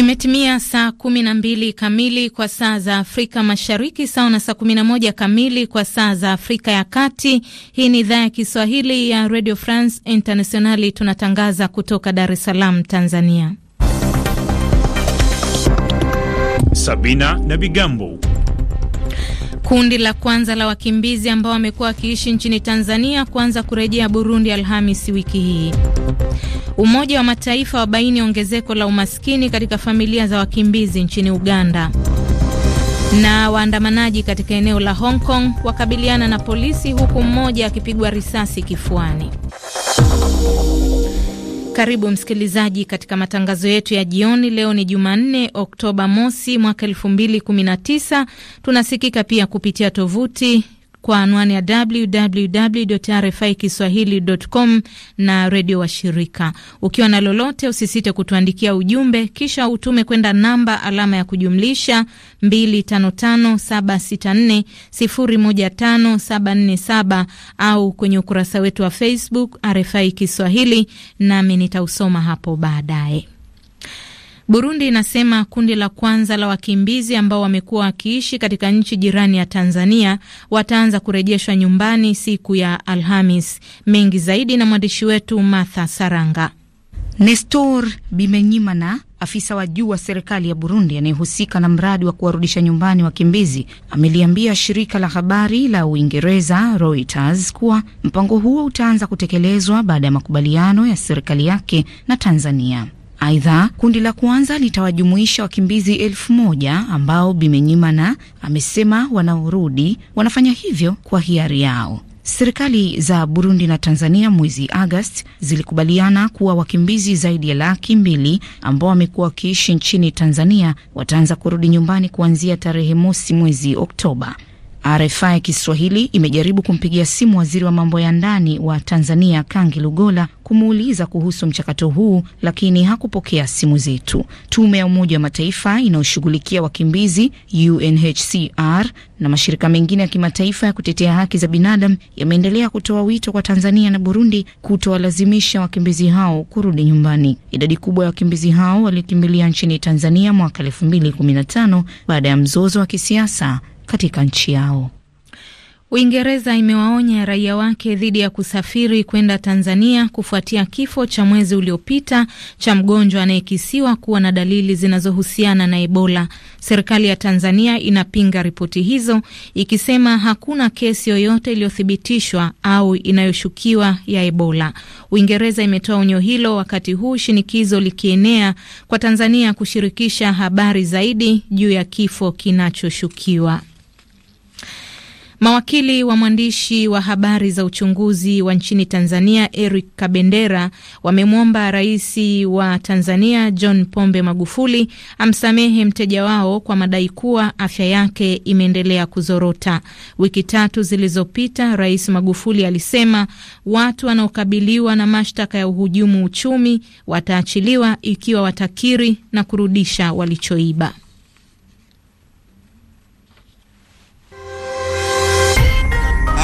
Imetimia saa kumi na mbili kamili kwa saa za Afrika Mashariki, sawa na saa kumi na moja kamili kwa saa za Afrika ya Kati. Hii ni idhaa ya Kiswahili ya Radio France Internationali, tunatangaza kutoka Dar es Salaam, Tanzania. Sabina na Bigambo. Kundi la kwanza la wakimbizi ambao wamekuwa wakiishi nchini Tanzania kuanza kurejea Burundi Alhamisi wiki hii. Umoja wa Mataifa wabaini ongezeko la umaskini katika familia za wakimbizi nchini Uganda. Na waandamanaji katika eneo la Hong Kong wakabiliana na polisi huku mmoja akipigwa risasi kifuani. Karibu msikilizaji katika matangazo yetu ya jioni. Leo ni Jumanne, Oktoba mosi mwaka 2019. Tunasikika pia kupitia tovuti kwa anwani ya www RFI kiswahilicom na redio wa shirika Ukiwa na lolote, usisite kutuandikia ujumbe, kisha utume kwenda namba alama ya kujumlisha 255764015747 au kwenye ukurasa wetu wa Facebook RFI Kiswahili, nami nitausoma hapo baadaye. Burundi inasema kundi la kwanza la wakimbizi ambao wamekuwa wakiishi katika nchi jirani ya Tanzania wataanza kurejeshwa nyumbani siku ya Alhamis. Mengi zaidi na mwandishi wetu Martha Saranga. Nestor Bimenyimana, afisa wa juu wa serikali ya Burundi anayehusika na mradi wa kuwarudisha nyumbani wakimbizi, ameliambia shirika la habari la Uingereza Reuters kuwa mpango huo utaanza kutekelezwa baada ya makubaliano ya serikali yake na Tanzania. Aidha, kundi la kwanza litawajumuisha wakimbizi elfu moja ambao Bimenyimana amesema wanaorudi wanafanya hivyo kwa hiari yao. Serikali za Burundi na Tanzania mwezi Agosti zilikubaliana kuwa wakimbizi zaidi ya laki mbili ambao wamekuwa wakiishi nchini Tanzania wataanza kurudi nyumbani kuanzia tarehe mosi mwezi Oktoba. RFI Kiswahili imejaribu kumpigia simu waziri wa mambo ya ndani wa Tanzania Kangi Lugola kumuuliza kuhusu mchakato huu, lakini hakupokea simu zetu. Tume ya Umoja wa Mataifa inayoshughulikia wakimbizi UNHCR na mashirika mengine ya kimataifa ya kutetea haki za binadamu yameendelea kutoa wito kwa Tanzania na Burundi kutowalazimisha wakimbizi hao kurudi nyumbani. Idadi kubwa ya wakimbizi hao walikimbilia nchini Tanzania mwaka 2015 baada ya mzozo wa kisiasa katika nchi yao. Uingereza imewaonya raia wake dhidi ya kusafiri kwenda Tanzania kufuatia kifo cha mwezi uliopita cha mgonjwa anayekisiwa kuwa na dalili zinazohusiana na Ebola. Serikali ya Tanzania inapinga ripoti hizo ikisema hakuna kesi yoyote iliyothibitishwa au inayoshukiwa ya Ebola. Uingereza imetoa onyo hilo wakati huu shinikizo likienea kwa Tanzania kushirikisha habari zaidi juu ya kifo kinachoshukiwa. Mawakili wa mwandishi wa habari za uchunguzi wa nchini Tanzania Eric Kabendera wamemwomba rais wa Tanzania John Pombe Magufuli amsamehe mteja wao kwa madai kuwa afya yake imeendelea kuzorota. Wiki tatu zilizopita, Rais Magufuli alisema watu wanaokabiliwa na mashtaka ya uhujumu uchumi wataachiliwa ikiwa watakiri na kurudisha walichoiba.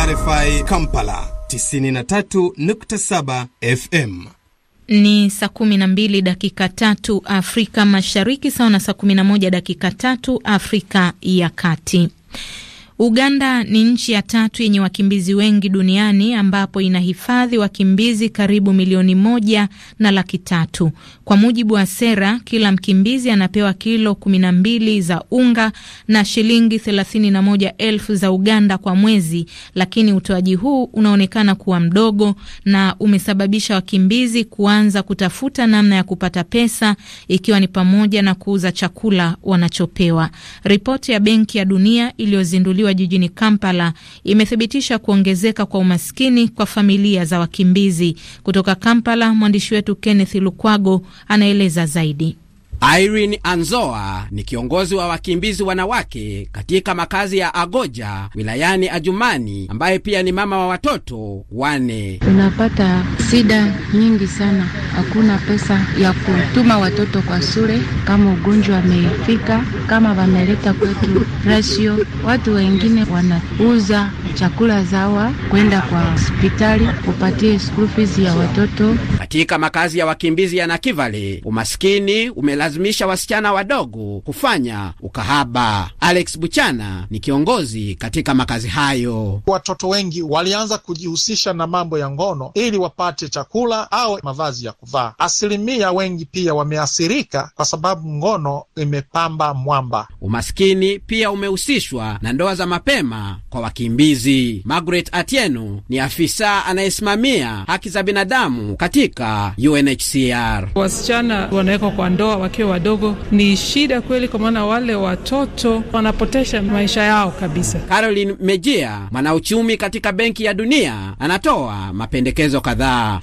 RFI Kampala 93.7 FM. Ni saa 12 dakika tatu Afrika Mashariki, sawa na saa 11 dakika tatu Afrika ya Kati. Uganda ni nchi ya tatu yenye wakimbizi wengi duniani ambapo inahifadhi wakimbizi karibu milioni moja na laki tatu. Kwa mujibu wa sera, kila mkimbizi anapewa kilo kumi na mbili za unga na shilingi thelathini na moja elfu za Uganda kwa mwezi, lakini utoaji huu unaonekana kuwa mdogo na umesababisha wakimbizi kuanza kutafuta namna ya kupata pesa, ikiwa ni pamoja na kuuza chakula wanachopewa. Ripoti ya Benki ya Dunia iliyozinduliwa iliyozinduliwa jijini Kampala imethibitisha kuongezeka kwa umaskini kwa familia za wakimbizi. Kutoka Kampala, mwandishi wetu Kenneth Lukwago anaeleza zaidi. Irene Anzoa ni kiongozi wa wakimbizi wanawake katika makazi ya Agoja wilayani Ajumani, ambaye pia ni mama wa watoto wane. Tunapata shida nyingi sana, hakuna pesa ya kutuma watoto kwa shule, kama ugonjwa amefika, kama wameleta kwetu rasio. Watu wengine wanauza chakula zawa kwenda kwa hospitali kupatia school fees ya watoto. Katika makazi ya wakimbizi ya Nakivale umaskini umela kuwalazimisha wasichana wadogo kufanya ukahaba. Alex Buchana ni kiongozi katika makazi hayo. Watoto wengi walianza kujihusisha na mambo ya ngono ili wapate chakula au mavazi ya kuvaa. Asilimia wengi pia wameathirika kwa sababu ngono imepamba mwamba. Umaskini pia umehusishwa na ndoa za mapema kwa wakimbizi. Margaret atienu ni afisa anayesimamia haki za binadamu katika UNHCR. Wasichana wanawekwa kwa ndoa wakiwa wadogo ni shida kweli, kwa maana wale watoto wanapotesha maisha yao kabisa. Caroline Mejia, mwanauchumi katika Benki ya Dunia, anatoa mapendekezo kadhaa.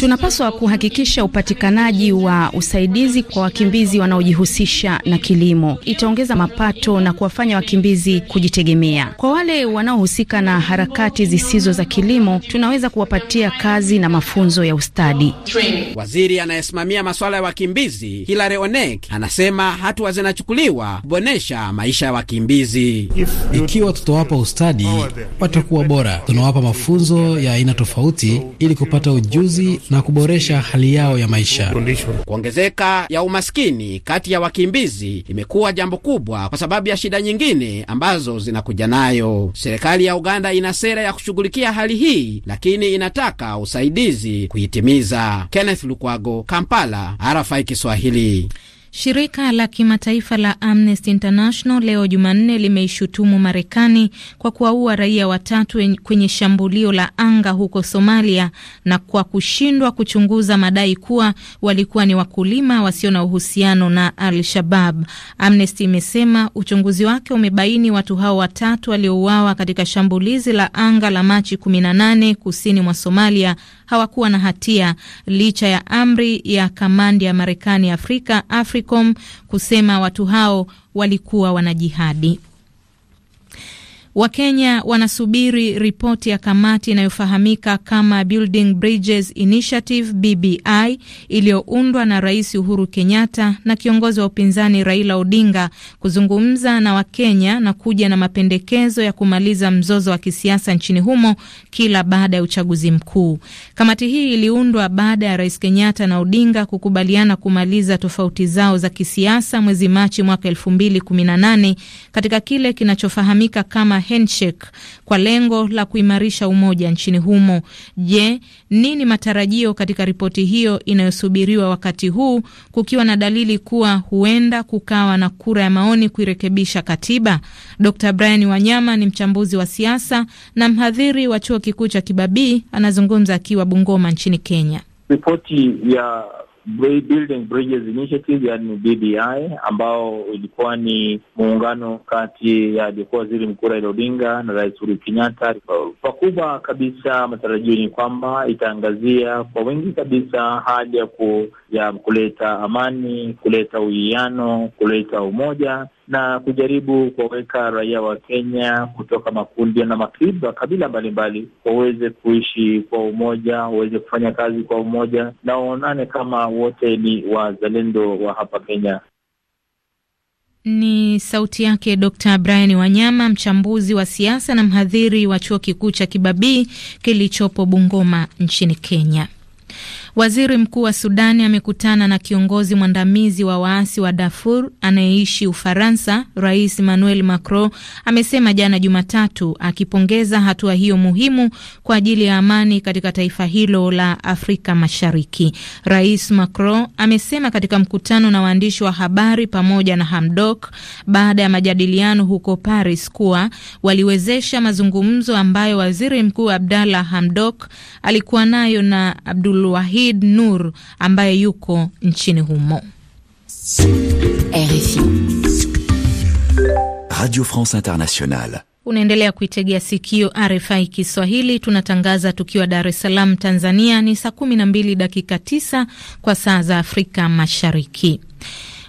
Tunapaswa kuhakikisha upatikanaji wa usaidizi kwa wakimbizi wanaojihusisha na kilimo. Itaongeza mapato na kuwafanya wakimbizi kujitegemea. Kwa wale wanaohusika na harakati zisizo za kilimo, tunaweza kuwapatia kazi na mafunzo ya ustadi. Waziri anayesimamia masuala ya wakimbizi Hilary ONEC anasema hatua zinachukuliwa kuboresha maisha ya wakimbizi. Ikiwa tutawapa ustadi, watakuwa bora. Tunawapa mafunzo ya aina tofauti ili kupata ujuzi na kuboresha hali yao ya maisha. Kuongezeka ya umaskini kati ya wakimbizi imekuwa jambo kubwa kwa sababu ya shida nyingine ambazo zinakuja nayo. Serikali ya Uganda ina sera ya kushughulikia hali hii, lakini inataka usaidizi kuitimiza. Kenneth Lukwago, Kampala, RFI Kiswahili. Shirika la kimataifa la Amnesty International leo Jumanne limeishutumu Marekani kwa kuwaua raia watatu kwenye shambulio la anga huko Somalia na kwa kushindwa kuchunguza madai kuwa walikuwa ni wakulima wasio na uhusiano na Al-Shabab. Amnesty imesema uchunguzi wake umebaini watu hao watatu waliouawa katika shambulizi la anga la Machi 18 kusini mwa Somalia hawakuwa na hatia licha ya amri ya kamandi ya Marekani Afrika AFRICOM kusema watu hao walikuwa wanajihadi. Wakenya wanasubiri ripoti ya kamati inayofahamika kama Building Bridges Initiative BBI iliyoundwa na Rais Uhuru Kenyatta na kiongozi wa upinzani Raila Odinga kuzungumza na Wakenya na kuja na mapendekezo ya kumaliza mzozo wa kisiasa nchini humo kila baada ya uchaguzi mkuu. Kamati hii iliundwa baada ya Rais Kenyatta na Odinga kukubaliana kumaliza tofauti zao za kisiasa mwezi Machi mwaka 2018 katika kile kinachofahamika kama handshake kwa lengo la kuimarisha umoja nchini humo. Je, nini matarajio katika ripoti hiyo inayosubiriwa wakati huu kukiwa na dalili kuwa huenda kukawa na kura ya maoni kuirekebisha katiba? Dr Brian Wanyama ni mchambuzi wa siasa na mhadhiri wa chuo kikuu cha Kibabii, anazungumza akiwa Bungoma nchini Kenya. Ripoti ya Building Bridges Initiative, BBI, ambao ilikuwa ni muungano kati ya aliyekuwa waziri mkuu Raila Odinga na Rais Uhuru Kenyatta. Pakubwa kabisa, matarajio ni kwamba itaangazia kwa wingi kabisa hali ya kuleta amani, kuleta uwiano, kuleta umoja na kujaribu kuwaweka raia wa Kenya kutoka makundi na makabila mbalimbali waweze kuishi kwa umoja, waweze kufanya kazi kwa umoja na waonane kama wote ni wazalendo wa hapa Kenya. Ni sauti yake Dr Brian Wanyama, mchambuzi wa siasa na mhadhiri wa chuo kikuu cha Kibabii kilichopo Bungoma nchini Kenya. Waziri mkuu wa Sudani amekutana na kiongozi mwandamizi wa waasi wa Darfur anayeishi Ufaransa. Rais Emmanuel Macron amesema jana Jumatatu, akipongeza hatua hiyo muhimu kwa ajili ya amani katika taifa hilo la Afrika Mashariki. Rais Macron amesema katika mkutano na waandishi wa habari pamoja na Hamdok baada ya majadiliano huko Paris kuwa waliwezesha mazungumzo ambayo waziri mkuu Abdallah Hamdok alikuwa nayo na Abdul Said Nur ambaye yuko nchini humo. RFI Radio France Internationale. Unaendelea kuitegea sikio RFI Kiswahili, tunatangaza tukiwa Dar es Salaam, Tanzania. Ni saa 12 dakika 9 kwa saa za Afrika Mashariki.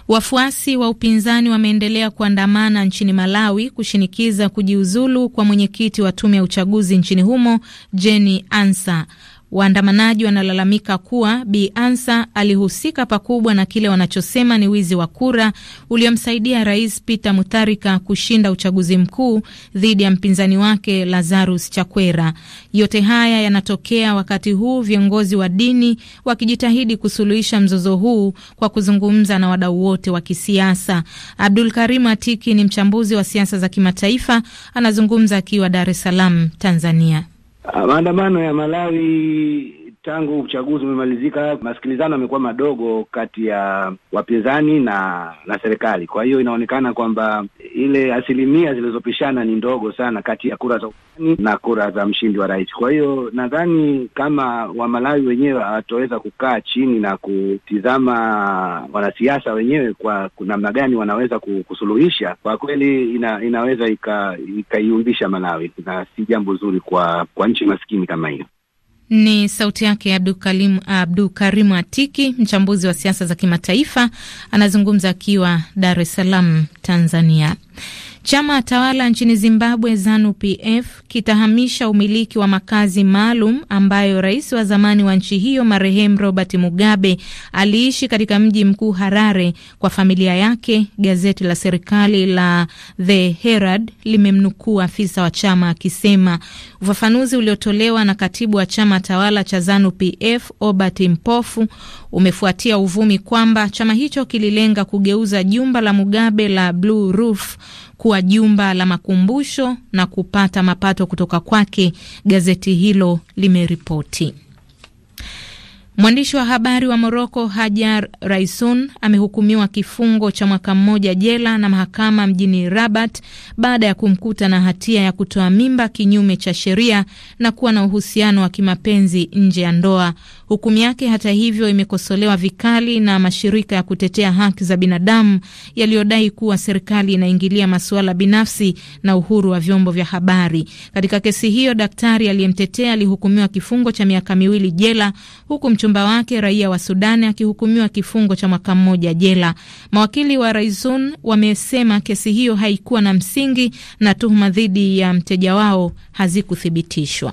Wafuasi wa upinzani wameendelea kuandamana nchini Malawi kushinikiza kujiuzulu kwa mwenyekiti wa tume ya uchaguzi nchini humo Jeni Ansa. Waandamanaji wanalalamika kuwa Bi Ansa alihusika pakubwa na kile wanachosema ni wizi wa kura uliomsaidia Rais Peter Mutharika kushinda uchaguzi mkuu dhidi ya mpinzani wake Lazarus Chakwera. Yote haya yanatokea wakati huu viongozi wa dini wakijitahidi kusuluhisha mzozo huu kwa kuzungumza na wadau wote wa kisiasa. Abdul Karim Atiki ni mchambuzi wa siasa za kimataifa, anazungumza akiwa Dar es Salaam, Tanzania. Ah, maandamano ya Malawi tangu uchaguzi umemalizika, masikilizano yamekuwa madogo kati ya wapinzani na na serikali. Kwa hiyo inaonekana kwamba ile asilimia zilizopishana ni ndogo sana kati ya kura za upinzani na kura za mshindi wa rais. Kwa hiyo nadhani kama Wamalawi wenyewe hawataweza kukaa chini na kutizama wanasiasa wenyewe kwa namna gani wanaweza kusuluhisha, kwa kweli ina, inaweza ikaiumbisha ika Malawi, na si jambo zuri kwa, kwa nchi maskini kama hiyo. Ni sauti yake Abdu Karimu Atiki, mchambuzi wa siasa za kimataifa, anazungumza akiwa Dar es Salaam, Tanzania. Chama tawala nchini Zimbabwe ZANU PF kitahamisha umiliki wa makazi maalum ambayo rais wa zamani wa nchi hiyo marehemu Robert Mugabe aliishi katika mji mkuu Harare kwa familia yake. Gazeti la serikali la The Herald limemnukuu afisa wa chama akisema ufafanuzi uliotolewa na katibu wa chama tawala cha ZANU PF Obert Mpofu umefuatia uvumi kwamba chama hicho kililenga kugeuza jumba la Mugabe la Blue Roof kuwa jumba la makumbusho na kupata mapato kutoka kwake, gazeti hilo limeripoti. Mwandishi wa habari wa Moroko Hajar Raisun amehukumiwa kifungo cha mwaka mmoja jela na mahakama mjini Rabat baada ya kumkuta na hatia ya kutoa mimba kinyume cha sheria na kuwa na uhusiano wa kimapenzi nje ya ndoa. Hukumu yake hata hivyo imekosolewa vikali na mashirika ya kutetea haki za binadamu yaliyodai kuwa serikali inaingilia masuala binafsi na uhuru wa vyombo vya habari. Katika kesi hiyo, daktari aliyemtetea alihukumiwa kifungo cha miaka miwili jela, huku mchumba wake raia wa Sudani akihukumiwa kifungo cha mwaka mmoja jela. Mawakili wa Raisun wamesema kesi hiyo haikuwa na msingi na tuhuma dhidi ya mteja wao hazikuthibitishwa.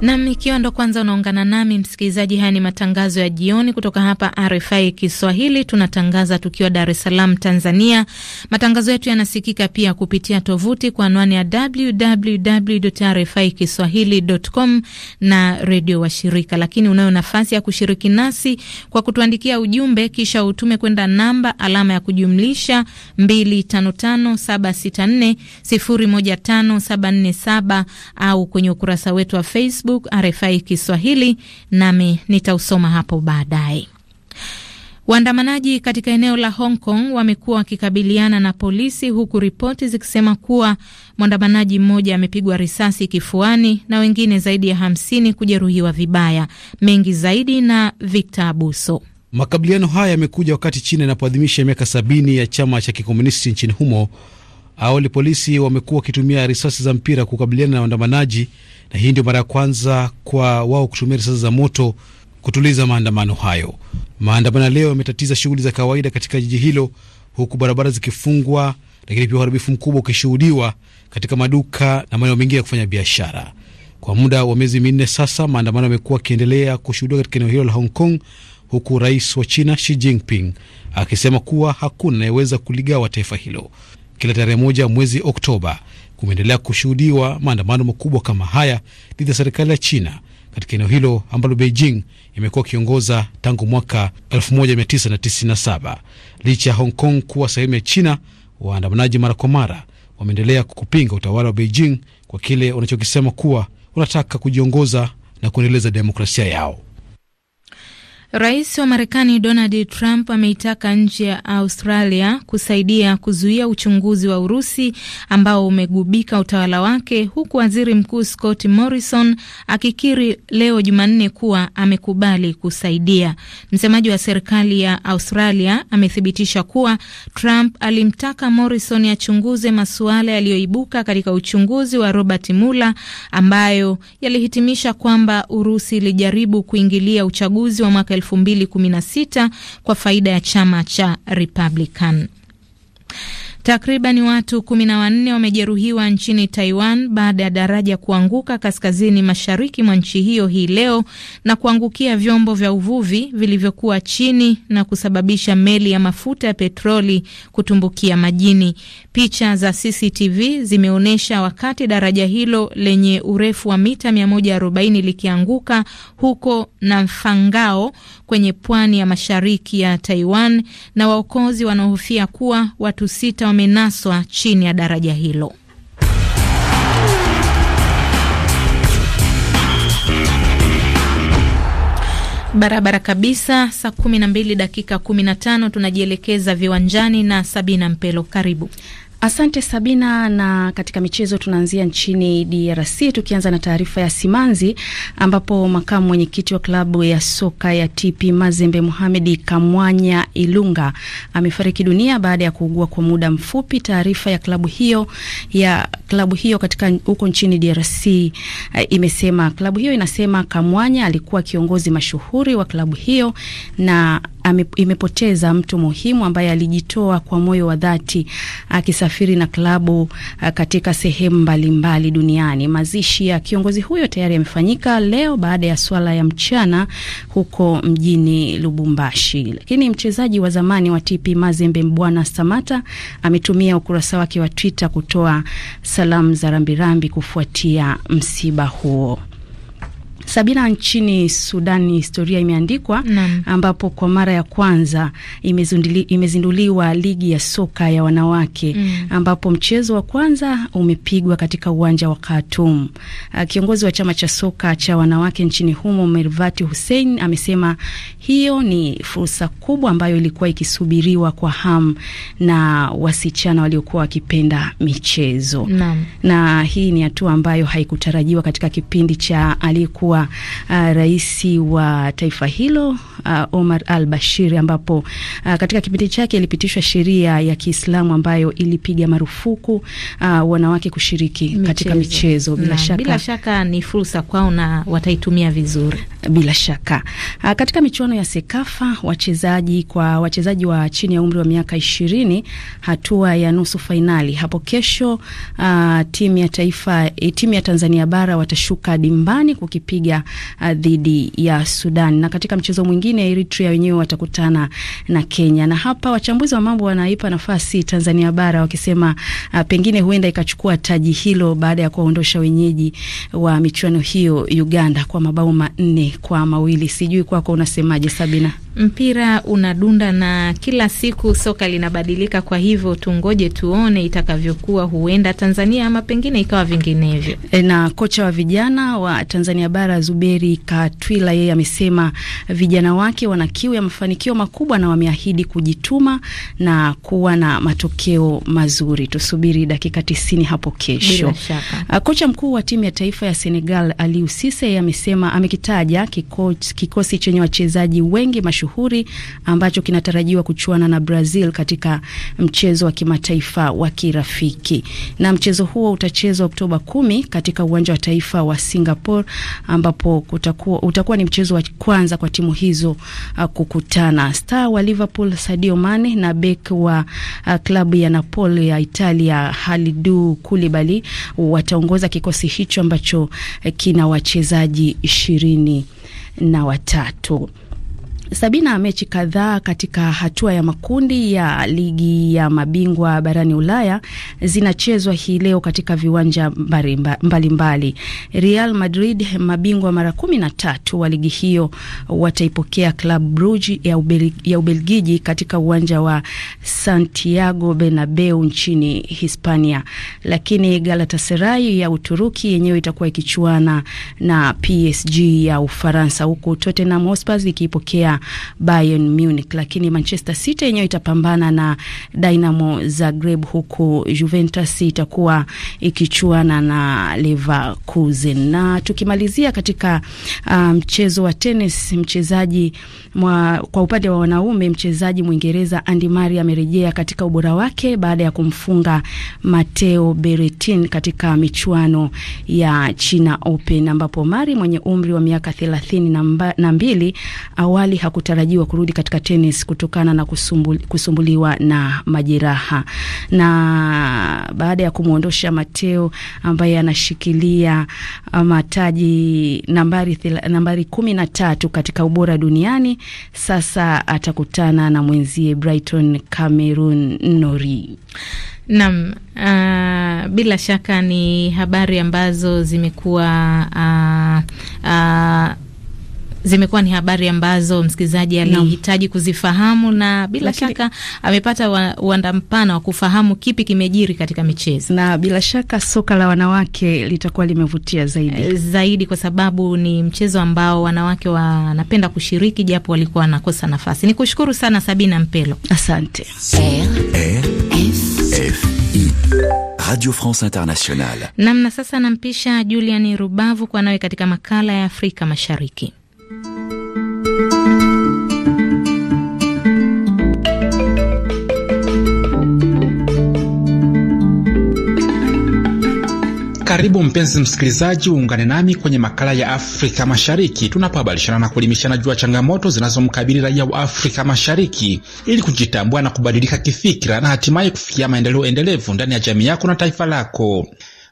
Nam, ikiwa ndo kwanza unaungana nami msikilizaji, haya ni matangazo ya jioni kutoka hapa RFI Kiswahili. Tunatangaza tukiwa Dar es Salaam, Tanzania. Matangazo yetu yanasikika pia kupitia tovuti kwa anwani ya www RFI kiswahilicom na redio wa shirika, lakini unayo nafasi ya kushiriki nasi kwa kutuandikia ujumbe, kisha utume kwenda namba alama ya kujumlisha 255764015747 au kwenye ukurasa wetu wa Facebook Facebook RFI Kiswahili, nami nitausoma hapo baadaye. Waandamanaji katika eneo la Hong Kong wamekuwa wakikabiliana na polisi huku ripoti zikisema kuwa mwandamanaji mmoja amepigwa risasi kifuani na wengine zaidi ya hamsini kujeruhiwa vibaya. Mengi zaidi na Victor Abuso. Makabiliano haya yamekuja wakati China inapoadhimisha miaka sabini ya chama cha kikomunisti nchini humo. Awali polisi wamekuwa wakitumia risasi za mpira kukabiliana na waandamanaji na hii ndio mara ya kwanza kwa wao kutumia risasi za moto kutuliza maandamano hayo. Maandamano ya leo yametatiza shughuli za kawaida katika jiji hilo, huku barabara zikifungwa, lakini pia uharibifu mkubwa ukishuhudiwa katika maduka na maeneo mengine ya kufanya biashara. Kwa muda wa miezi minne sasa, maandamano yamekuwa akiendelea kushuhudiwa katika eneo hilo la Hong Kong, huku rais wa China Xi Jinping akisema kuwa hakuna anayeweza kuligawa taifa hilo. Kila tarehe moja mwezi Oktoba kumeendelea kushuhudiwa maandamano makubwa kama haya dhidi ya serikali ya China katika eneo hilo ambalo Beijing imekuwa ikiongoza tangu mwaka 1997. Licha ya Hong Kong kuwa sehemu ya China, waandamanaji mara kwa mara wameendelea kupinga utawala wa Beijing kwa kile wanachokisema kuwa wanataka kujiongoza na kuendeleza demokrasia yao. Rais wa Marekani Donald Trump ameitaka nchi ya Australia kusaidia kuzuia uchunguzi wa Urusi ambao umegubika utawala wake, huku waziri mkuu Scott Morrison akikiri leo Jumanne kuwa amekubali kusaidia. Msemaji wa serikali ya Australia amethibitisha kuwa Trump alimtaka Morrison achunguze masuala yaliyoibuka katika uchunguzi wa Robert Mueller ambayo yalihitimisha kwamba Urusi ilijaribu kuingilia uchaguzi wa mwaka 2016 kwa faida ya chama cha Republican. Takriban watu kumi na wanne wamejeruhiwa nchini Taiwan baada ya daraja kuanguka kaskazini mashariki mwa nchi hiyo hii leo na kuangukia vyombo vya uvuvi vilivyokuwa chini na kusababisha meli ya mafuta ya petroli kutumbukia majini. Picha za CCTV zimeonyesha wakati daraja hilo lenye urefu wa mita 140 likianguka huko na Mfangao kwenye pwani ya mashariki ya Taiwan na waokozi wanaohofia kuwa watu sita wamenaswa chini ya daraja hilo. Barabara kabisa. Saa kumi na mbili dakika kumi na tano tunajielekeza viwanjani na Sabina Mpelo, karibu. Asante Sabina. Na katika michezo tunaanzia nchini DRC, tukianza na taarifa ya simanzi ambapo makamu mwenyekiti wa klabu ya soka ya TP Mazembe Mohamedi Kamwanya Ilunga amefariki dunia baada ya kuugua kwa muda mfupi. Taarifa ya klabu hiyo ya klabu hiyo katika huko nchini DRC uh, eh, imesema klabu hiyo inasema Kamwanya alikuwa kiongozi mashuhuri wa klabu hiyo na ame, imepoteza mtu muhimu ambaye alijitoa kwa moyo wa dhati akisa kusafiri na klabu eh, katika sehemu mbalimbali duniani. Mazishi ya kiongozi huyo tayari yamefanyika leo baada ya swala ya mchana huko mjini Lubumbashi. Lakini mchezaji wa zamani wa TP Mazembe Mbwana Samata ametumia ukurasa wake wa Twitter kutoa salamu za rambirambi kufuatia msiba huo. Sabina, nchini Sudan historia imeandikwa Nam. ambapo kwa mara ya kwanza imezinduliwa ligi ya soka ya wanawake mm. ambapo mchezo wa kwanza umepigwa katika uwanja wa Khartoum. Ah, kiongozi wa chama cha soka cha wanawake nchini humo Mervati Hussein amesema hiyo ni fursa kubwa ambayo ilikuwa ikisubiriwa kwa hamu na wasichana waliokuwa wakipenda michezo Nam. na hii ni hatua ambayo haikutarajiwa katika kipindi cha aliyekuwa alikuwa uh, rais wa taifa hilo uh, Omar al Bashir, ambapo uh, katika kipindi chake ilipitishwa sheria ya Kiislamu ambayo ilipiga marufuku uh, wanawake kushiriki michezo, katika michezo bila, na, shaka, bila shaka ni fursa kwao na wataitumia vizuri bila shaka. Uh, katika michuano ya Sekafa wachezaji kwa wachezaji wa chini ya umri wa miaka ishirini hatua ya nusu fainali hapo kesho, uh, timu ya taifa, eh, timu ya Tanzania bara watashuka dimbani kukipiga moja uh, dhidi ya Sudan. Na katika mchezo mwingine Eritrea wenyewe watakutana na Kenya, na hapa wachambuzi wa mambo wanaipa nafasi Tanzania bara wakisema uh, pengine huenda ikachukua taji hilo baada ya kuwaondosha wenyeji wa michuano hiyo Uganda kwa mabao manne kwa mawili. Sijui kwako unasemaje, Sabina? mpira unadunda na kila siku soka linabadilika, kwa hivyo tungoje tuone itakavyokuwa, huenda Tanzania ama pengine ikawa vinginevyo. E, na kocha wa vijana wa Tanzania bara Zuberi Katwila, yeye amesema vijana wake wana kiu ya mafanikio makubwa na wameahidi kujituma na kuwa na matokeo mazuri. Tusubiri dakika tisini hapo kesho. Ah, kocha mkuu wa timu ya taifa ya Senegal Aliou Cisse, amesema amekitaja kikosi, kikosi chenye wachezaji wengi mashu mashuhuri ambacho kinatarajiwa kuchuana na Brazil katika mchezo wa kimataifa wa kirafiki, na mchezo huo utachezwa Oktoba kumi katika uwanja wa taifa wa Singapore, ambapo kutakuwa, utakuwa ni mchezo wa kwanza kwa timu hizo uh, kukutana. Star wa Liverpool Sadio Mane na bek wa uh, klabu ya Napoli ya Italia Halidu Kulibali wataongoza kikosi hicho ambacho eh, kina wachezaji ishirini na watatu. Sabina mechi kadhaa katika hatua ya makundi ya ligi ya mabingwa barani Ulaya zinachezwa hii leo katika viwanja mbalimbali mbali. Real Madrid, mabingwa mara kumi na tatu wa ligi hiyo, wataipokea Club Brugge ya, Ubel, ya Ubelgiji katika uwanja wa Santiago Bernabeu nchini Hispania, lakini Galatasaray ya Uturuki yenyewe itakuwa ikichuana na PSG ya Ufaransa, huku Tottenham Hotspur ikiipokea Bayern Munich, lakini Manchester City yenyewe itapambana na Dynamo Zagreb, huku Juventus itakuwa ikichuana na Leverkusen. Na tukimalizia katika uh, mchezo um, wa tenis, mchezaji kwa upande wa wanaume, mchezaji Mwingereza Andy Murray amerejea katika ubora wake baada ya kumfunga Mateo Berrettini katika michuano ya China Open ambapo Murray mwenye umri wa miaka thelathini na mbili awali hakutarajiwa kurudi katika tenis kutokana na kusumbuli, kusumbuliwa na majeraha. Na baada ya kumwondosha Mateo ambaye anashikilia uh, mataji nambari nambari kumi na tatu katika ubora duniani, sasa atakutana na mwenzie Brighton Cameron Nori. Naam, uh, bila shaka ni habari ambazo zimekuwa uh, uh, zimekuwa ni habari ambazo msikilizaji alihitaji kuzifahamu na bila Lakini, shaka amepata uwanda mpana wa kufahamu kipi kimejiri katika michezo, na bila shaka soka la wanawake litakuwa limevutia zaidi eh, zaidi, kwa sababu ni mchezo ambao wanawake wanapenda kushiriki japo walikuwa wanakosa nafasi. Ni kushukuru sana Sabina Mpelo, asante. Radio France Internationale namna. Sasa nampisha Julian Rubavu kwa nawe katika makala ya Afrika Mashariki. Karibu mpenzi msikilizaji, uungane nami kwenye makala ya Afrika Mashariki tunapobadilishana na kuelimishana juu ya changamoto zinazomkabili raia wa Afrika Mashariki ili kujitambua na kubadilika kifikira na hatimaye kufikia maendeleo endelevu ndani ya jamii yako na taifa lako.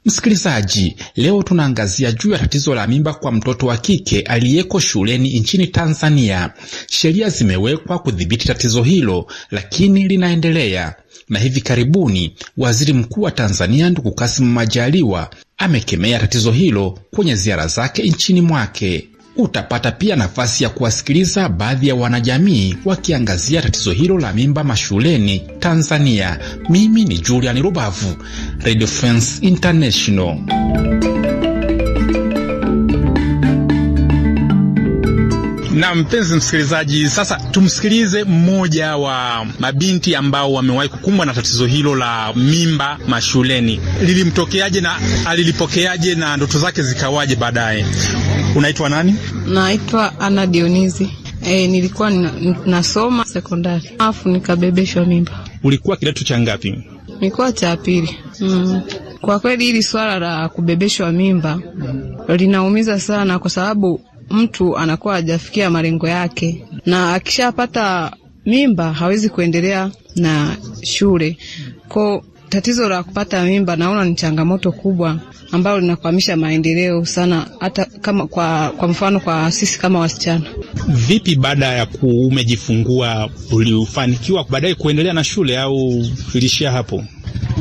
Msikilizaji, leo tunaangazia juu ya tatizo la mimba kwa mtoto wa kike aliyeko shuleni nchini Tanzania. Sheria zimewekwa kudhibiti tatizo hilo, lakini linaendelea na hivi karibuni waziri mkuu wa Tanzania ndugu Kassim Majaliwa amekemea tatizo hilo kwenye ziara zake nchini mwake. Utapata pia nafasi ya kuwasikiliza baadhi ya wanajamii wakiangazia tatizo hilo la mimba mashuleni Tanzania. Mimi ni Julian Rubavu, Radio France International. Na mpenzi msikilizaji, sasa tumsikilize mmoja wa mabinti ambao wamewahi kukumbwa na tatizo hilo la mimba mashuleni. Lilimtokeaje na alilipokeaje na ndoto zake zikawaje baadaye? Unaitwa nani? Naitwa Ana Dionizi. E, nilikuwa nasoma sekondari alafu nikabebeshwa mimba. Ulikuwa kidato cha ngapi? Nilikuwa cha pili. Mm. Kwa kweli hili swala la kubebeshwa mimba linaumiza sana kwa sababu mtu anakuwa hajafikia malengo yake, na akishapata mimba hawezi kuendelea na shule. Kwa tatizo la kupata mimba, naona ni changamoto kubwa ambalo linakwamisha maendeleo sana, hata kama kwa, kwa mfano kwa sisi kama wasichana. Vipi baada ya kuumejifungua, ulifanikiwa baadaye kuendelea na shule au ilishia hapo?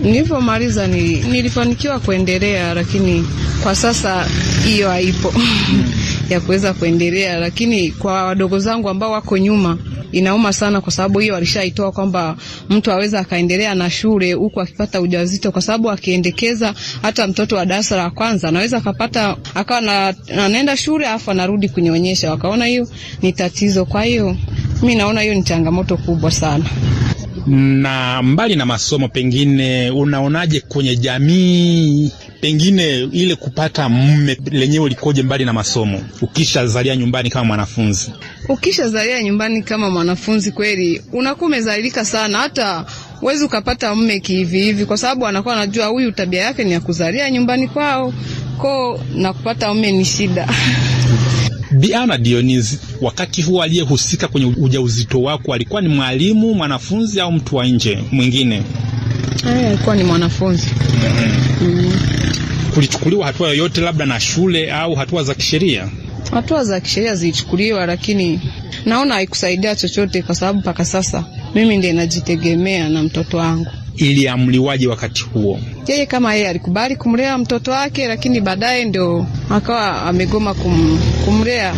Nilivyomaliza nilifanikiwa kuendelea, lakini kwa sasa hiyo haipo. Hmm ya kuweza kuendelea, lakini kwa wadogo zangu ambao wako nyuma inauma sana, kwa sababu hiyo alishaitoa kwamba mtu aweza akaendelea na shule huku akipata ujauzito, kwa sababu akiendekeza hata mtoto wa darasa la kwanza anaweza akapata akawa na, anaenda shule afu anarudi kunyonyesha, wakaona hiyo ni tatizo. Kwa hiyo mi naona hiyo ni changamoto kubwa sana na mbali na masomo, pengine unaonaje kwenye jamii pengine ile kupata mme lenyewe likoje mbali na masomo? Ukishazalia nyumbani kama mwanafunzi, ukishazalia nyumbani kama mwanafunzi, kweli unakuwa umezalilika sana, hata huwezi ukapata mme kihivi hivi, kwa sababu anakuwa anajua huyu tabia yake ni ya kuzalia nyumbani kwao, ko na kupata mme ni shida. biana Dionis, wakati huo aliyehusika kwenye ujauzito wako alikuwa ni mwalimu, mwanafunzi au mtu wa nje mwingine? Haya, alikuwa ni mwanafunzi mm. Kulichukuliwa hatua yoyote labda na shule au hatua za kisheria? Hatua za kisheria zilichukuliwa, lakini naona haikusaidia chochote, kwa sababu mpaka sasa mimi ndiye najitegemea na mtoto wangu. Iliamliwaje wakati huo? Yeye kama yeye alikubali kumlea mtoto wake, lakini baadaye ndio akawa amegoma kum, kumlea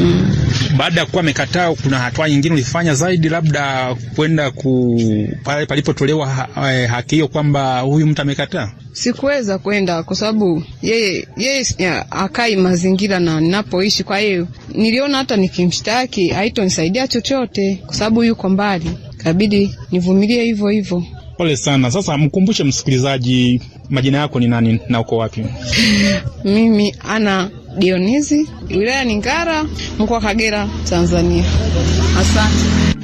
mm baada ya kuwa amekataa, kuna hatua nyingine ulifanya zaidi, labda kwenda ku pale palipotolewa ha, eh, haki hiyo kwamba huyu mtu amekataa? Sikuweza kwenda kwa sababu yeye yeye akai mazingira na ninapoishi. Kwa hiyo niliona hata nikimshtaki haitonisaidia chochote, kwa sababu yuko mbali, kabidi nivumilie hivyo hivyo. Pole sana. Sasa mkumbushe msikilizaji majina yako ni nani na uko wapi? Mimi ana Dionizi, wilaya ni Ngara, mkoa wa Kagera, Tanzania. Asante.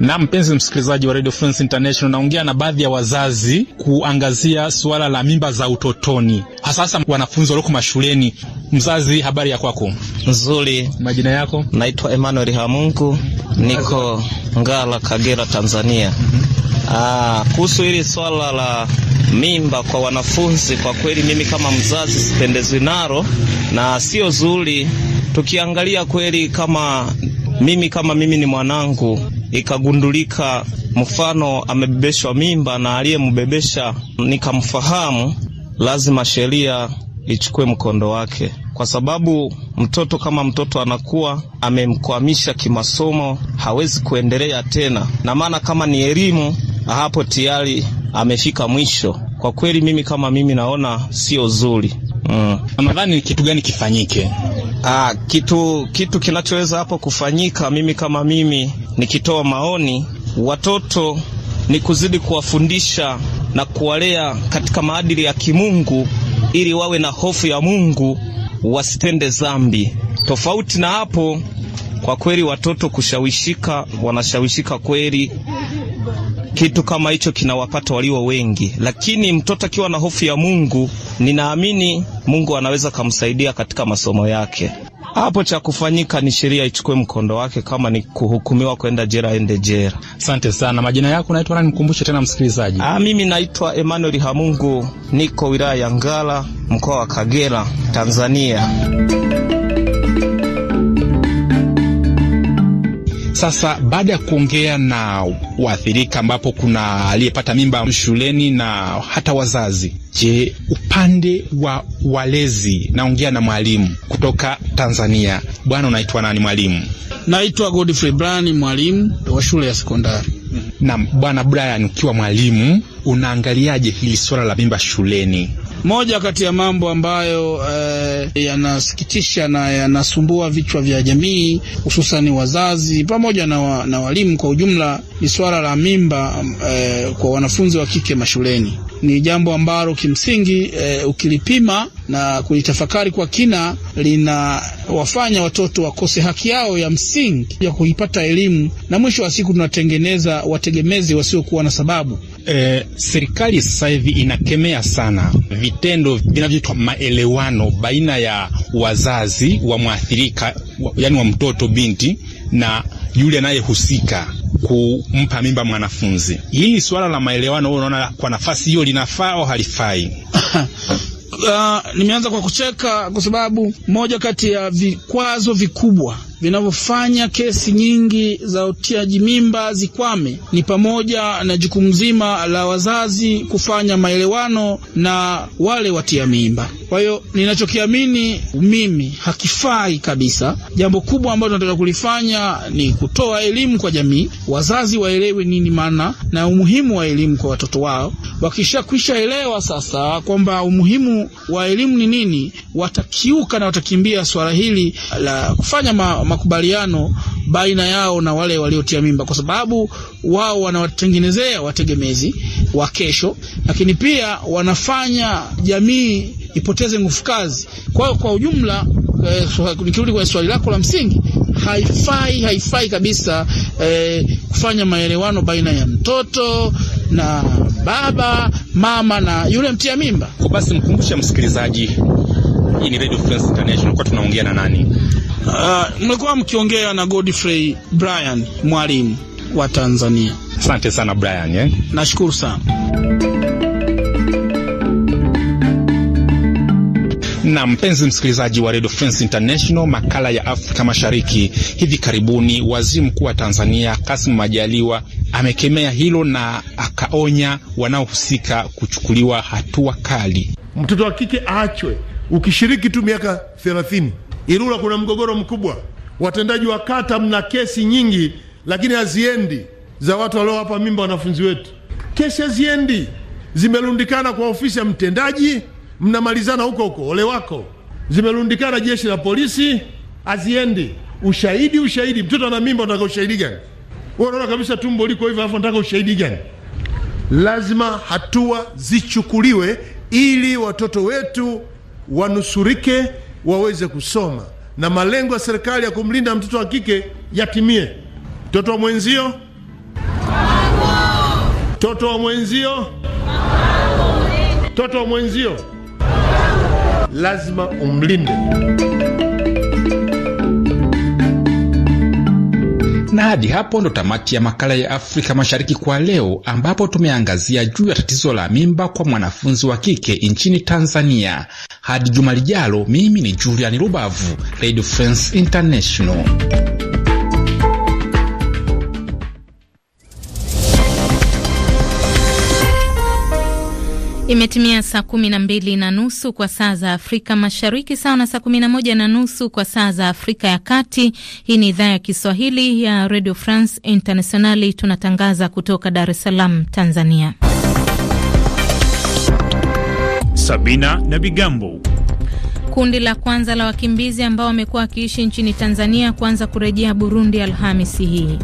Na mpenzi msikilizaji wa Radio France International, naongea na baadhi ya wazazi kuangazia suala la mimba za utotoni, hasa hasa wanafunzi walioko mashuleni. Mzazi, habari ya kwako? Nzuri. Majina yako? Naitwa Emmanuel Hamungu, niko ngala Kagera, Tanzania. mm -hmm. Ah, kuhusu hili swala la mimba kwa wanafunzi, kwa kweli mimi kama mzazi sipendezwi nalo na sio zuri. Tukiangalia kweli, kama mimi kama mimi ni mwanangu ikagundulika mfano amebebeshwa mimba na aliyembebesha nikamfahamu, lazima sheria ichukue mkondo wake, kwa sababu mtoto kama mtoto anakuwa amemkwamisha kimasomo, hawezi kuendelea tena, na maana kama ni elimu hapo tayari amefika mwisho. Kwa kweli mimi kama mimi naona sio zuri mm. Nadhani kitu gani kifanyike? Aa, ah, kitu, kitu kinachoweza hapo kufanyika, mimi kama mimi nikitoa maoni, watoto ni kuzidi kuwafundisha na kuwalea katika maadili ya kimungu ili wawe na hofu ya Mungu, wasitende dhambi. Tofauti na hapo, kwa kweli watoto kushawishika, wanashawishika kweli kitu kama hicho kinawapata walio wengi, lakini mtoto akiwa na hofu ya Mungu, ninaamini Mungu anaweza kumsaidia katika masomo yake. Hapo cha kufanyika ni sheria ichukue mkondo wake, kama ni kuhukumiwa kwenda jera, ende jera. Asante sana. Majina yako naitwa nani? Mkumbushe tena msikilizaji. Ah, mimi naitwa Emmanuel Hamungu, niko wilaya ya Ngara, mkoa wa Kagera, Tanzania. Sasa baada ya kuongea na waathirika, ambapo kuna aliyepata mimba shuleni na hata wazazi, je, upande wa walezi, naongea na mwalimu kutoka Tanzania. Bwana, unaitwa nani mwalimu? Naitwa Godfrey Brian, mwalimu wa shule ya sekondari. nam Bwana Brian, ukiwa mwalimu unaangaliaje hili swala la mimba shuleni? Moja kati ya mambo ambayo eh, yanasikitisha na yanasumbua vichwa vya jamii hususani wazazi pamoja na, wa, na walimu kwa ujumla ni swala la mimba eh, kwa wanafunzi wa kike mashuleni ni jambo ambalo kimsingi e, ukilipima na kulitafakari kwa kina linawafanya watoto wakose haki yao ya msingi ya kuipata elimu, na mwisho wa siku tunatengeneza wategemezi wasiokuwa na sababu. E, serikali sasa hivi inakemea sana vitendo vinavyoitwa maelewano baina ya wazazi wa mwathirika, yani wa mtoto binti na yule anayehusika kumpa mimba mwanafunzi. Hili swala la maelewano, wewe unaona kwa nafasi hiyo linafaa au halifai? Uh, nimeanza kwa kucheka kwa sababu moja kati ya vikwazo vikubwa vinavyofanya kesi nyingi za utiaji mimba zikwame ni pamoja na jukumu zima la wazazi kufanya maelewano na wale watia mimba. Kwa hiyo ninachokiamini mimi hakifai kabisa. Jambo kubwa ambalo tunataka kulifanya ni kutoa elimu kwa jamii, wazazi waelewe nini maana na umuhimu wa elimu kwa watoto wao. Wakishakwisha elewa sasa kwamba umuhimu wa elimu ni nini, watakiuka na watakimbia swala hili la kufanya ma makubaliano baina yao na wale waliotia mimba, kwa sababu wao wanawatengenezea wategemezi wa kesho, lakini pia wanafanya jamii ipoteze nguvu kazi. Kwa hiyo kwa ujumla eh, nikirudi kwenye swali lako la msingi, haifai haifai kabisa eh, kufanya maelewano baina ya mtoto na baba mama na yule mtia mimba. Kwa basi mkumbushe msikilizaji hii ni Radio France International, kwa tunaongea na nani? Uh, mlikuwa mkiongea na Godfrey Brian, mwalimu wa Tanzania. Asante sana Brian, eh? Nashukuru sana. Na mpenzi msikilizaji wa Radio France International, makala ya Afrika Mashariki. Hivi karibuni waziri mkuu wa Tanzania kasimu Majaliwa amekemea hilo na akaonya wanaohusika kuchukuliwa hatua kali. Mtoto wa kike aachwe ukishiriki tu miaka 30. Ilula kuna mgogoro mkubwa, watendaji wa kata mna kesi nyingi, lakini haziendi za watu waliowapa mimba wanafunzi wetu, kesi haziendi, zimerundikana kwa ofisi ya mtendaji, mnamalizana huko huko, ole wako. Zimerundikana jeshi la polisi, haziendi. Ushahidi, ushahidi, mtoto ana mimba, unataka ushahidi gani? Wewe unaona kabisa tumbo liko hivyo, afu unataka ushahidi gani? Lazima hatua zichukuliwe ili watoto wetu wanusurike waweze kusoma na malengo ya serikali ya kumlinda mtoto wa kike yatimie. Mtoto wa mwenzio, mtoto wa mwenzio, mtoto wa mwenzio, lazima umlinde. Na hadi hapo ndo tamati ya makala ya Afrika Mashariki kwa leo, ambapo tumeangazia juu ya tatizo la mimba kwa mwanafunzi wa kike nchini Tanzania. Hadi juma lijalo, mimi ni Juliani Rubavu, Radio France International. Imetimia saa kumi na mbili na nusu kwa saa za Afrika Mashariki, sawa na saa kumi na moja na nusu kwa saa za Afrika ya Kati. Hii ni idhaa ya Kiswahili ya Radio France Internationali, tunatangaza kutoka Dar es Salaam, Tanzania. Sabina na Bigambo. Kundi la kwanza la wakimbizi ambao wamekuwa wakiishi nchini Tanzania kuanza kurejea Burundi Alhamisi hii.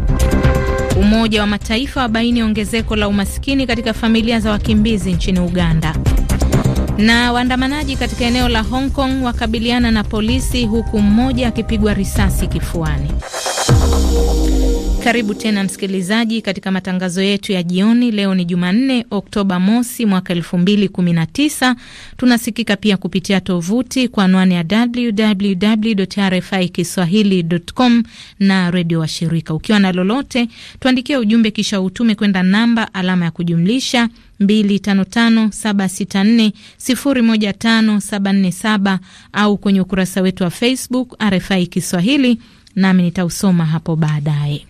Umoja wa Mataifa wabaini ongezeko la umaskini katika familia za wakimbizi nchini Uganda. Na waandamanaji katika eneo la Hong Kong wakabiliana na polisi huku mmoja akipigwa risasi kifuani. Karibu tena msikilizaji, katika matangazo yetu ya jioni. Leo ni Jumanne, Oktoba mosi mwaka elfu mbili kumi na tisa. Tunasikika pia kupitia tovuti kwa anwani ya www RFI kiswahili.com na redio washirika. Ukiwa na lolote, tuandikie ujumbe kisha utume kwenda namba alama ya kujumlisha 255764015747 au kwenye ukurasa wetu wa Facebook RFI Kiswahili, nami nitausoma hapo baadaye.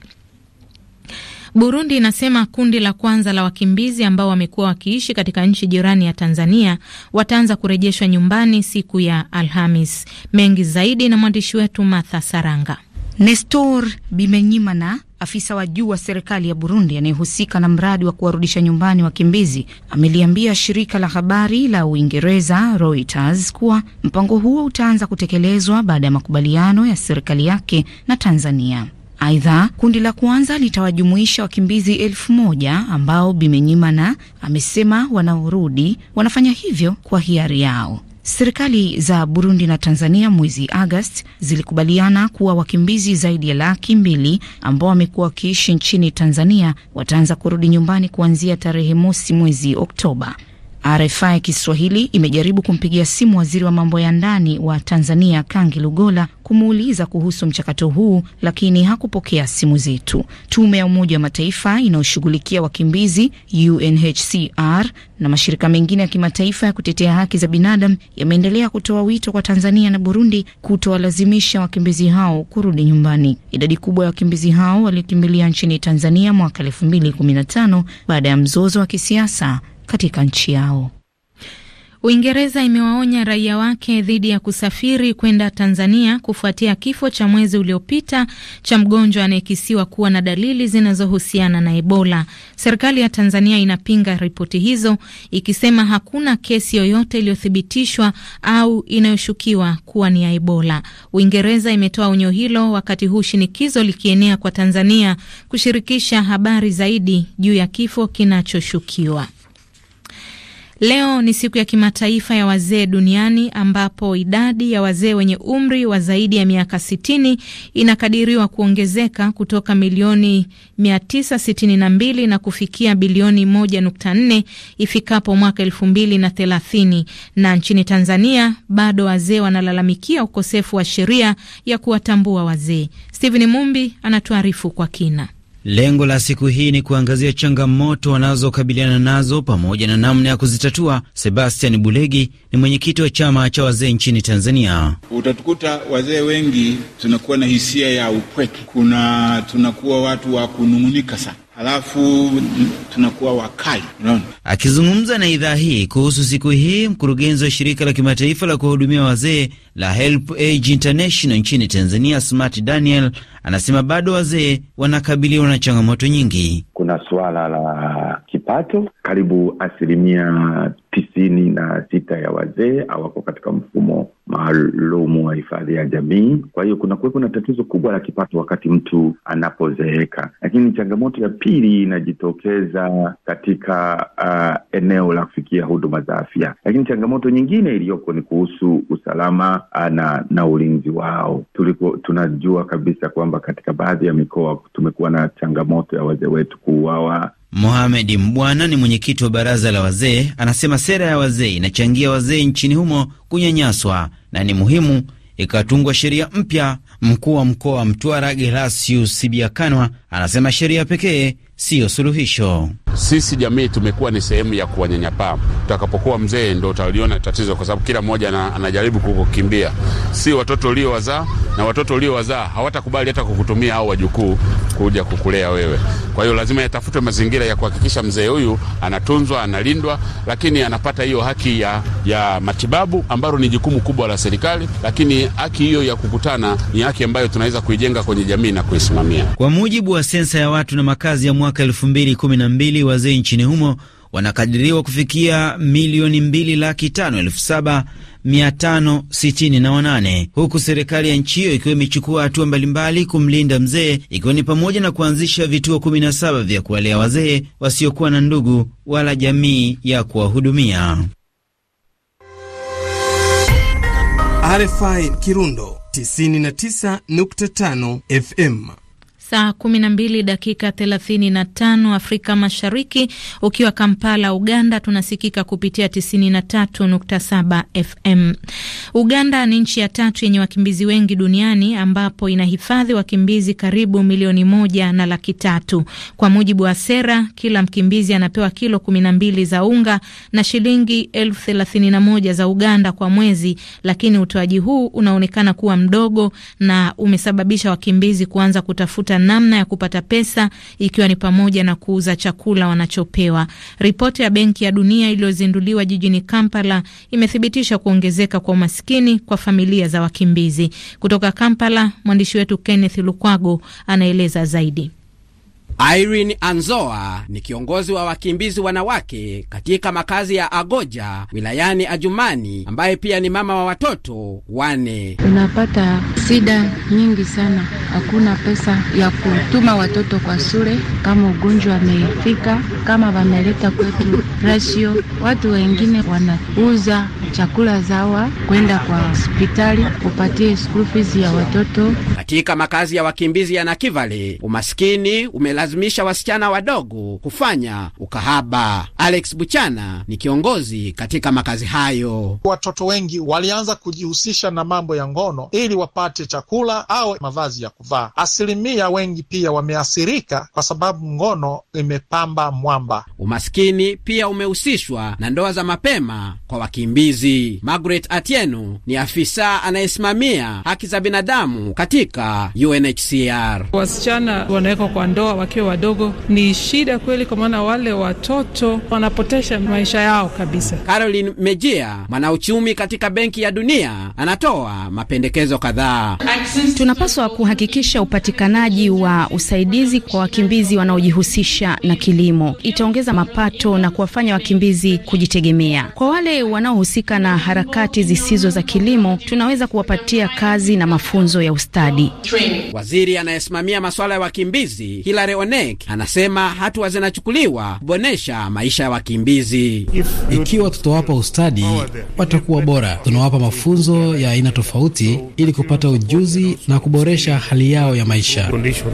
Burundi inasema kundi la kwanza la wakimbizi ambao wamekuwa wakiishi katika nchi jirani ya Tanzania wataanza kurejeshwa nyumbani siku ya Alhamis. Mengi zaidi na mwandishi wetu Martha Saranga. Nestor Bimenyimana, afisa wa juu wa serikali ya Burundi anayehusika na mradi wa kuwarudisha nyumbani wakimbizi, ameliambia shirika la habari la Uingereza Reuters kuwa mpango huo utaanza kutekelezwa baada ya makubaliano ya serikali yake na Tanzania. Aidha, kundi la kwanza litawajumuisha wakimbizi elfu moja ambao Bimenyimana amesema wanaorudi wanafanya hivyo kwa hiari yao. Serikali za Burundi na Tanzania mwezi Agosti zilikubaliana kuwa wakimbizi zaidi ya laki mbili ambao wamekuwa wakiishi nchini Tanzania wataanza kurudi nyumbani kuanzia tarehe mosi mwezi Oktoba. RFI Kiswahili imejaribu kumpigia simu waziri wa mambo ya ndani wa Tanzania Kangi Lugola kumuuliza kuhusu mchakato huu, lakini hakupokea simu zetu. Tume ya Umoja wa Mataifa inayoshughulikia wakimbizi UNHCR na mashirika mengine ya kimataifa ya kutetea haki za binadamu yameendelea kutoa wito kwa Tanzania na Burundi kutowalazimisha wakimbizi hao kurudi nyumbani. Idadi kubwa ya wakimbizi hao waliokimbilia nchini Tanzania mwaka 2015 baada ya mzozo wa kisiasa katika nchi yao. Uingereza imewaonya raia wake dhidi ya kusafiri kwenda Tanzania kufuatia kifo cha mwezi uliopita cha mgonjwa anayekisiwa kuwa na dalili zinazohusiana na Ebola. Serikali ya Tanzania inapinga ripoti hizo ikisema hakuna kesi yoyote iliyothibitishwa au inayoshukiwa kuwa ni ya Ebola. Uingereza imetoa onyo hilo wakati huu shinikizo likienea kwa Tanzania kushirikisha habari zaidi juu ya kifo kinachoshukiwa. Leo ni siku ya kimataifa ya wazee duniani ambapo idadi ya wazee wenye umri wa zaidi ya miaka sitini inakadiriwa kuongezeka kutoka milioni 962 na kufikia bilioni 1.4 ifikapo mwaka 2030. Na nchini Tanzania bado wazee wanalalamikia ukosefu wa sheria ya kuwatambua wazee. Stephen Mumbi anatuarifu kwa kina. Lengo la siku hii ni kuangazia changamoto wanazokabiliana nazo pamoja na namna ya kuzitatua. Sebastian Bulegi ni mwenyekiti wa chama cha wazee nchini Tanzania. Utatukuta wazee wengi tunakuwa na hisia ya upweke, kuna tunakuwa watu wa kunung'unika sana alafu tunakuwa wakali. Akizungumza na idhaa hii kuhusu siku hii, mkurugenzi wa shirika la kimataifa la kuwahudumia wazee la Help Age International nchini Tanzania, Smart Daniel, anasema bado wazee wanakabiliwa na changamoto nyingi. Kuna suala la kipato. Karibu asilimia tisini na sita ya wazee hawako katika mfumo maalumu wa hifadhi ya jamii. Kwa hiyo kuna kuwepo na tatizo kubwa la kipato wakati mtu anapozeeka, lakini changamoto ya pili inajitokeza katika uh, eneo la kufikia huduma za afya. Lakini changamoto nyingine iliyoko ni kuhusu usalama uh, na, na ulinzi wao. Tuliko, tunajua kabisa kwamba katika baadhi ya mikoa tumekuwa na changamoto ya wazee wetu kuuawa Mohamed Mbwana ni mwenyekiti wa baraza la wazee, anasema sera ya wazee inachangia wazee nchini humo kunyanyaswa na ni muhimu ikatungwa sheria mpya. Mkuu wa mkoa wa Mtwara Gelasius Sibiakanwa anasema sheria pekee siyo suluhisho. Sisi jamii tumekuwa ni sehemu ya kuwanyanyapaa. Utakapokuwa mzee ndo utaliona tatizo, kwa sababu kila mmoja anajaribu kukukimbia, si watoto uliowazaa, na watoto uliowazaa hawatakubali hata kukutumia au wajukuu kuja kukulea wewe. Kwa hiyo lazima yatafutwe mazingira ya kuhakikisha mzee huyu anatunzwa, analindwa, lakini anapata hiyo haki ya, ya matibabu ambalo ni jukumu kubwa la serikali, lakini haki hiyo ya kukutana ni haki ambayo tunaweza kuijenga kwenye jamii na kuisimamia. Kwa mujibu wa sensa ya watu na makazi ya mwa mwaka mbili wazee nchini humo wanakadiriwa kufikia milioni mbili laki tano elfu saba mia tano sitini na wanane huku serikali ya nchi hiyo ikiwa imechukua hatua mbalimbali kumlinda mzee ikiwa ni pamoja na kuanzisha vituo 17 vya kuwalea wazee wasiokuwa na ndugu wala jamii ya kuwahudumia. RFI Kirundo 99.5 FM saa 12 dakika 35 Afrika Mashariki. Ukiwa Kampala, Uganda, tunasikika kupitia 93.7 FM. Uganda ni nchi ya tatu yenye wakimbizi wengi duniani ambapo inahifadhi wakimbizi karibu milioni moja na laki tatu. Kwa mujibu wa sera, kila mkimbizi anapewa kilo 12 za unga na shilingi elfu 31 za Uganda kwa mwezi, lakini utoaji huu unaonekana kuwa mdogo na umesababisha wakimbizi kuanza kutafuta namna ya kupata pesa ikiwa ni pamoja na kuuza chakula wanachopewa. Ripoti ya Benki ya Dunia iliyozinduliwa jijini Kampala imethibitisha kuongezeka kwa umaskini kwa familia za wakimbizi. Kutoka Kampala, mwandishi wetu Kenneth Lukwago anaeleza zaidi. Irene Anzoa ni kiongozi wa wakimbizi wanawake katika makazi ya Agoja wilayani Ajumani, ambaye pia ni mama wa watoto wane. Tunapata shida nyingi sana, hakuna pesa ya kutuma watoto kwa shule, kama ugonjwa amefika, kama wameleta kwetu rasio. Watu wengine wanauza chakula zawa kwenda kwa hospitali kupatia school fees ya watoto. Katika makazi ya wakimbizi ya Nakivale, umaskini umela kulazimisha wasichana wadogo kufanya ukahaba. Alex Buchana ni kiongozi katika makazi hayo. Watoto wengi walianza kujihusisha na mambo ya ngono ili wapate chakula au mavazi ya kuvaa. Asilimia wengi pia wameathirika kwa sababu ngono imepamba mwamba. Umaskini pia umehusishwa na ndoa za mapema kwa wakimbizi. Margaret Atieno ni afisa anayesimamia haki za binadamu katika UNHCR. Wasichana wanawekwa kwa ndoa waki wakiwa wadogo ni shida kweli, kwa maana wale watoto wanapotesha maisha yao kabisa. Caroline Mejia, mwanauchumi katika Benki ya Dunia, anatoa mapendekezo kadhaa. Tunapaswa kuhakikisha upatikanaji wa usaidizi kwa wakimbizi wanaojihusisha na kilimo. Itaongeza mapato na kuwafanya wakimbizi kujitegemea. Kwa wale wanaohusika na harakati zisizo za kilimo, tunaweza kuwapatia kazi na mafunzo ya ustadi. Waziri anayesimamia masuala ya wakimbizi Hilary Monek anasema hatua zinachukuliwa kuboresha maisha ya wakimbizi. Ikiwa tutawapa ustadi, watakuwa bora. Tunawapa mafunzo ya aina tofauti ili kupata ujuzi na kuboresha hali yao ya maisha.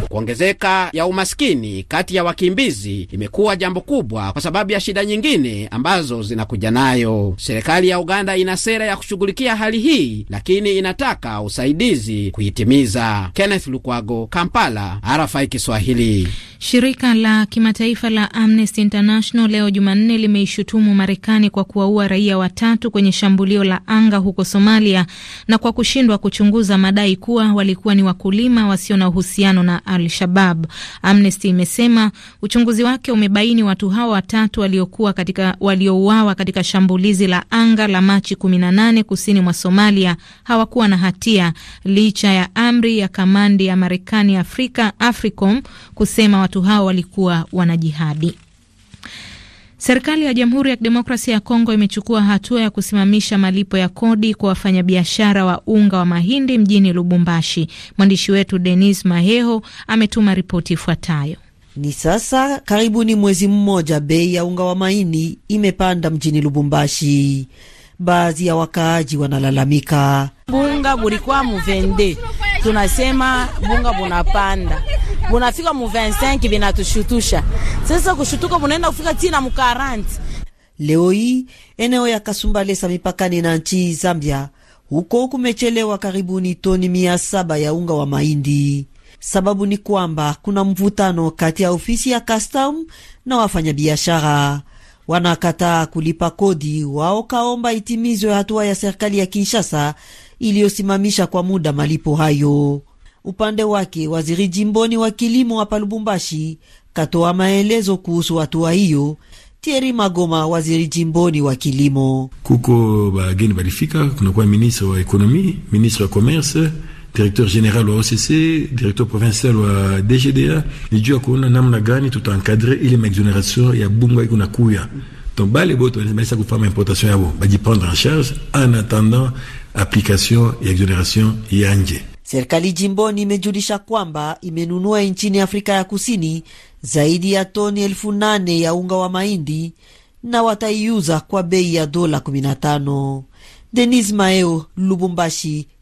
Kuongezeka ya umaskini kati ya wakimbizi imekuwa jambo kubwa kwa sababu ya shida nyingine ambazo zinakuja nayo. Serikali ya Uganda ina sera ya kushughulikia hali hii, lakini inataka usaidizi kuitimiza. Kenneth Lukwago, Kampala, RFI Kiswahili. Shirika la kimataifa la Amnesty International leo Jumanne limeishutumu Marekani kwa kuwaua raia watatu kwenye shambulio la anga huko Somalia na kwa kushindwa kuchunguza madai kuwa walikuwa ni wakulima wasio na uhusiano na Al-Shabab. Amnesty imesema uchunguzi wake umebaini watu hao watatu waliokuwa katika waliouawa katika shambulizi la anga la Machi 18 kusini mwa Somalia hawakuwa na hatia licha ya amri ya kamandi ya Marekani Afrika AFRICOM kusema amesema watu hao walikuwa wanajihadi. Serikali ya Jamhuri ya Kidemokrasia ya Kongo imechukua hatua ya kusimamisha malipo ya kodi kwa wafanyabiashara wa unga wa mahindi mjini Lubumbashi. Mwandishi wetu Denis Maheho ametuma ripoti ifuatayo. Ni sasa karibuni mwezi mmoja bei ya unga wa mahindi imepanda mjini Lubumbashi baadhi ya wakaaji wanalalamika. Bunga bulikuwa muvende, tunasema bunga bunapanda bunafika mu 25 vinatushutusha sasa, kushutuka bunaenda kufika tina mu mukaranti. Leo hii eneo ya Kasumbalesa mipakani na nchi Zambia, huko kumechelewa karibuni toni mia saba ya unga wa mahindi. Sababu ni kwamba kuna mvutano kati ya ofisi ya custom na wafanyabiashara wanakataa kulipa kodi, waokaomba itimizwe hatua ya serikali ya Kinshasa iliyosimamisha kwa muda malipo hayo. Upande wake waziri jimboni wa kilimo hapa Lubumbashi katoa maelezo kuhusu hatua hiyo. Thierry Magoma, waziri jimboni wa kilimo: kuko bageni balifika, kunakuwa ministre wa ekonomi, ministre wa commerce directeur général wa OCC, directeur provincial wa DGDA, nilijua kuona namna gani tutankadre ile maexoneration ya bunga iko nakuya donc bale bote balisa kufama importation yabo prendre en charge en attendant application ya exoneration ya nje. Serikali jimboni imejulisha kwamba imenunua nchini Afrika ya Kusini zaidi ya toni elfu nane ya unga wa mahindi na wataiuza kwa bei ya dola 15. Denis Maeo, Lubumbashi,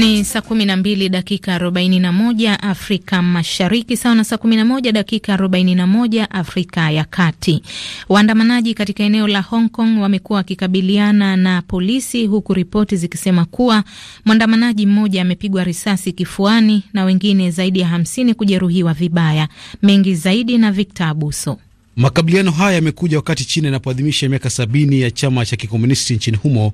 Ni saa 12 dakika 41 Afrika Mashariki, sawa na saa 11 dakika 41 Afrika ya Kati. Waandamanaji katika eneo la Hong Kong wamekuwa wakikabiliana na polisi, huku ripoti zikisema kuwa mwandamanaji mmoja amepigwa risasi kifuani na wengine zaidi ya hamsini kujeruhiwa vibaya. Mengi zaidi na Victor Abuso. Makabiliano haya yamekuja wakati China inapoadhimisha miaka sabini ya chama cha kikomunisti nchini humo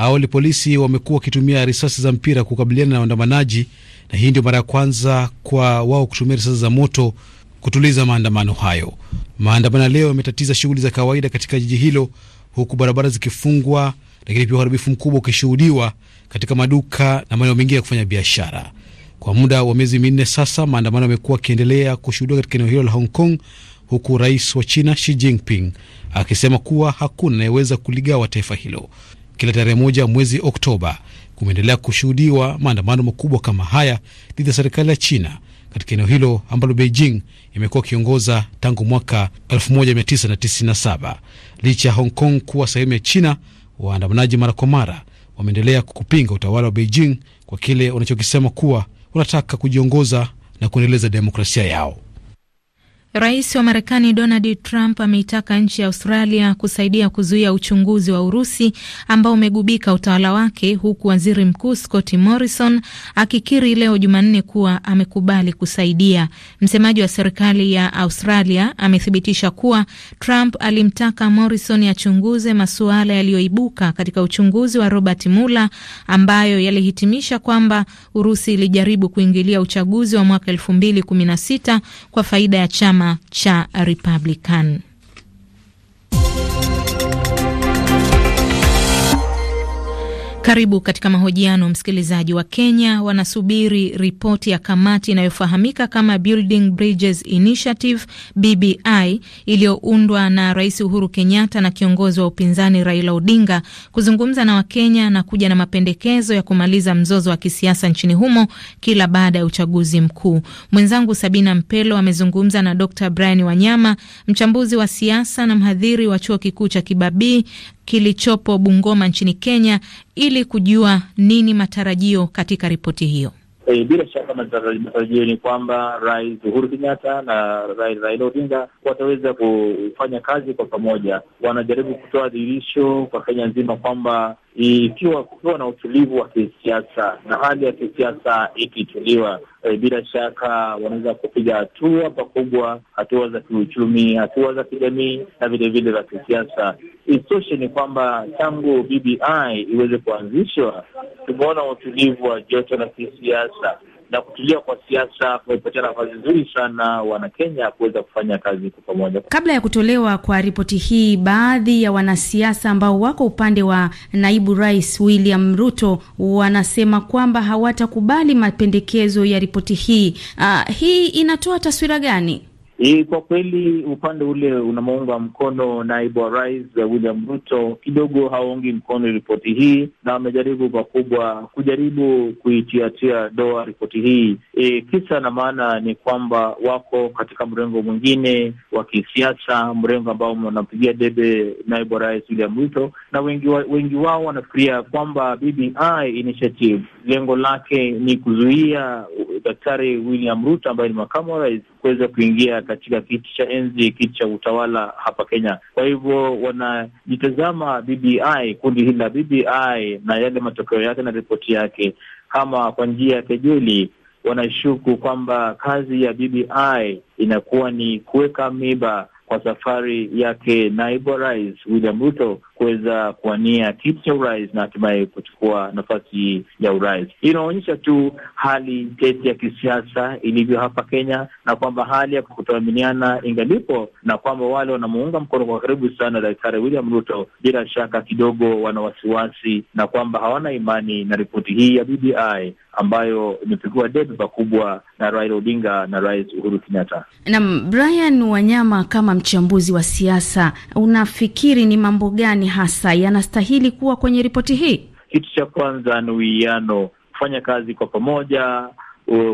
Awali polisi wamekuwa wakitumia risasi za mpira kukabiliana na waandamanaji, na hii ndio mara ya kwanza kwa wao kutumia risasi za moto kutuliza maandamano hayo. Maandamano leo yametatiza shughuli za kawaida katika jiji hilo, huku barabara zikifungwa, lakini pia uharibifu mkubwa ukishuhudiwa katika maduka na maeneo mengine ya kufanya biashara. Kwa muda wa miezi minne sasa, maandamano yamekuwa akiendelea kushuhudiwa katika eneo hilo la Hong Kong, huku rais wa China Xi Jinping akisema kuwa hakuna anayeweza kuligawa taifa hilo kila tarehe moja mwezi Oktoba, kumeendelea kushuhudiwa maandamano makubwa kama haya dhidi ya serikali ya China katika eneo hilo ambalo Beijing imekuwa ikiongoza tangu mwaka 1997. Licha ya Hong Kong kuwa sehemu ya China, waandamanaji mara kwa mara wameendelea kupinga utawala wa Beijing kwa kile wanachokisema kuwa wanataka kujiongoza na kuendeleza demokrasia yao. Rais wa Marekani Donald Trump ameitaka nchi ya Australia kusaidia kuzuia uchunguzi wa Urusi ambao umegubika utawala wake, huku waziri mkuu Scott Morrison akikiri leo Jumanne kuwa amekubali kusaidia. Msemaji wa serikali ya Australia amethibitisha kuwa Trump alimtaka Morrison achunguze masuala yaliyoibuka katika uchunguzi wa Robert Mueller ambayo yalihitimisha kwamba Urusi ilijaribu kuingilia uchaguzi wa mwaka 2016 kwa faida ya chama chama cha Republican. Karibu katika mahojiano msikilizaji. Wa Kenya wanasubiri ripoti ya kamati inayofahamika kama Building Bridges Initiative BBI iliyoundwa na Rais Uhuru Kenyatta na kiongozi wa upinzani Raila Odinga kuzungumza na Wakenya na kuja na mapendekezo ya kumaliza mzozo wa kisiasa nchini humo kila baada ya uchaguzi mkuu. Mwenzangu Sabina Mpelo amezungumza na Dr Brian Wanyama, mchambuzi wa siasa na mhadhiri wa chuo kikuu cha Kibabii kilichopo Bungoma nchini Kenya ili kujua nini matarajio katika ripoti hiyo. E, bila shaka matarajio ni kwamba Rais Uhuru Kenyatta na Rais Raila Odinga wataweza kufanya kazi kwa pamoja. Wanajaribu kutoa dhihirisho kwa Kenya nzima kwamba ikiwa kukiwa na utulivu wa kisiasa na hali ya kisiasa ikituliwa, e, bila shaka wanaweza kupiga hatua pakubwa, hatua za kiuchumi, hatua za kijamii na vilevile za kisiasa. Isitoshe ni kwamba tangu BBI iweze kuanzishwa tumeona utulivu wa joto la kisiasa na kutulia kwa siasa kumepatia nafasi nzuri sana Wanakenya kuweza kufanya kazi kwa pamoja. Kabla ya kutolewa kwa ripoti hii, baadhi ya wanasiasa ambao wako upande wa naibu rais William Ruto wanasema kwamba hawatakubali mapendekezo ya ripoti hii. Uh, hii inatoa taswira gani? E, kwa kweli upande ule unamuunga mkono naibu wa rais eh, William Ruto kidogo hawaungi mkono ripoti hii na wamejaribu pakubwa kujaribu kuitiatia doa ripoti hii. E, kisa na maana ni kwamba wako katika mrengo mwingine wa kisiasa, mrengo ambao wanapigia debe naibu wa rais William Ruto, na wengi, wa, wengi wao wanafikiria kwamba BBI initiative lengo lake ni kuzuia Daktari William Ruto ambaye ni makamu wa rais kuweza kuingia katika kiti cha enzi, kiti cha utawala hapa Kenya. Kwa hivyo wanajitazama BBI, kundi hili la BBI na yale matokeo yake na ripoti yake, kama kwa njia ya kejeli. Wanashuku kwamba kazi ya BBI inakuwa ni kuweka miba kwa safari yake naibu rais William Ruto kuweza kuwania kiti cha urais na hatimaye kuchukua nafasi ya urais. Inaonyesha tu hali tete ya kisiasa ilivyo hapa Kenya, na kwamba hali ya kutoaminiana ingalipo, na kwamba wale wanamuunga mkono kwa karibu sana Daktari William Ruto bila shaka kidogo wana wasiwasi, na kwamba hawana imani na ripoti hii ya BBI ambayo imepigiwa debe pakubwa na Raila Odinga na Rais Uhuru Kenyatta. Naam, Brian Wanyama, kama mchambuzi wa siasa, unafikiri ni mambo gani hasa yanastahili kuwa kwenye ripoti hii? Kitu cha kwanza ni uwiano, kufanya kazi kwa pamoja,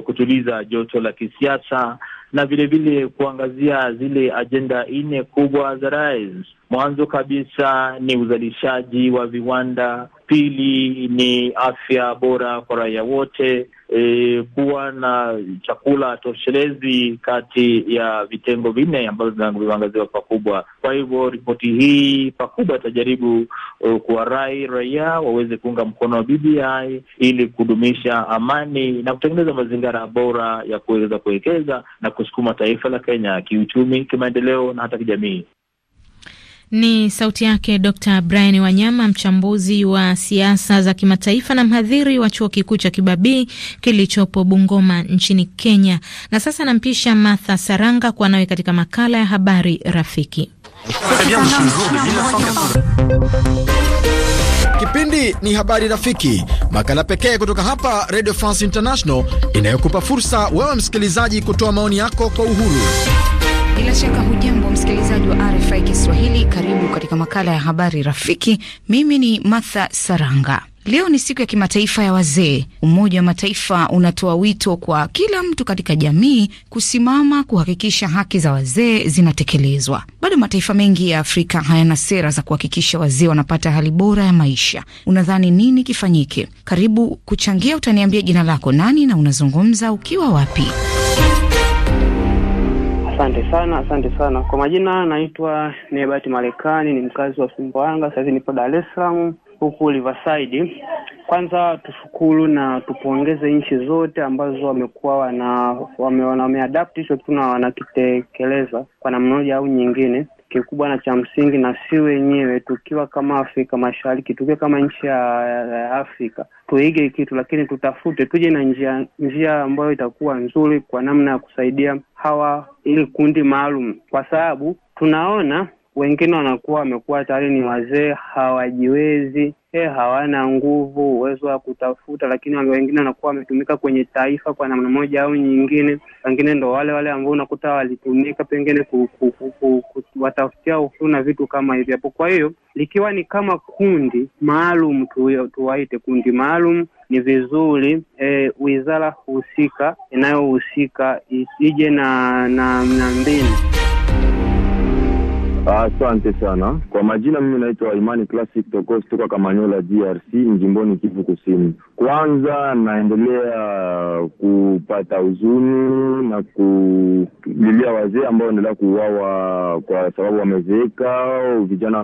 kutuliza joto la kisiasa na vilevile kuangazia zile ajenda nne kubwa za rais. Mwanzo kabisa ni uzalishaji wa viwanda Pili ni afya bora kwa raia wote, e, kuwa na chakula toshelezi kati ya vitengo vinne ambavyo vimeangaziwa pakubwa. Kwa hivyo ripoti hii pakubwa itajaribu uh, kuwarai raia waweze kuunga mkono wa BBI ili kudumisha amani na kutengeneza mazingira bora ya kuweza kuwekeza na kusukuma taifa la Kenya kiuchumi, kimaendeleo na hata kijamii. Ni sauti yake Dr Brian Wanyama, mchambuzi wa siasa za kimataifa na mhadhiri wa chuo kikuu cha Kibabii kilichopo Bungoma nchini Kenya. Na sasa nampisha Martha Saranga kuwa nawe katika makala ya Habari Rafiki. Kipindi ni Habari Rafiki, makala pekee kutoka hapa Radio France International inayokupa fursa wewe msikilizaji kutoa maoni yako kwa uhuru. Bila shaka hujambo msikilizaji wa RFI Kiswahili, karibu katika makala ya habari rafiki. Mimi ni Martha Saranga. Leo ni siku ya kimataifa ya wazee. Umoja wa Mataifa unatoa wito kwa kila mtu katika jamii kusimama kuhakikisha haki za wazee zinatekelezwa. Bado mataifa mengi ya Afrika hayana sera za kuhakikisha wazee wanapata hali bora ya maisha. Unadhani nini kifanyike? Karibu kuchangia, utaniambia jina lako nani na unazungumza ukiwa wapi? Asante sana, asante sana kwa majina. Naitwa Nebati Marekani, ni mkazi wa Sumbawanga, sasa hivi nipo Dar es Salaam huku Riverside. Kwanza tushukuru na tupongeze nchi zote ambazo wamekuwa wana wameadapt hicho kitu na wanakitekeleza kwa namna moja au nyingine. Kikubwa na cha msingi, na si wenyewe tukiwa kama Afrika Mashariki, tukiwa kama nchi ya Afrika tuige kitu, lakini tutafute tuje na njia njia ambayo itakuwa nzuri kwa namna ya kusaidia hawa ili kundi maalum, kwa sababu tunaona wengine wanakuwa wamekuwa tayari ni wazee, hawajiwezi eh, hawana nguvu, uwezo wa kutafuta, lakini wengine wanakuwa wametumika kwenye taifa kwa namna moja au nyingine. Wengine ndo wale wale ambao unakuta walitumika pengine kuwatafutia uhuru na vitu kama hivyo hapo. Kwa hiyo likiwa ni kama kundi maalum tu, tuwaite kundi maalum ni vizuri e, wizara husika inayohusika ije na, na, na mbinu Ah, asante ah, sana kwa majina, mimi naitwa Imani Classic Tokos kutoka Kamanyola DRC, mjimboni Kivu Kusini. Kwanza naendelea kupata huzuni na kulilia wazee ambao endelea kuuawa kwa sababu wamezeeka. Vijana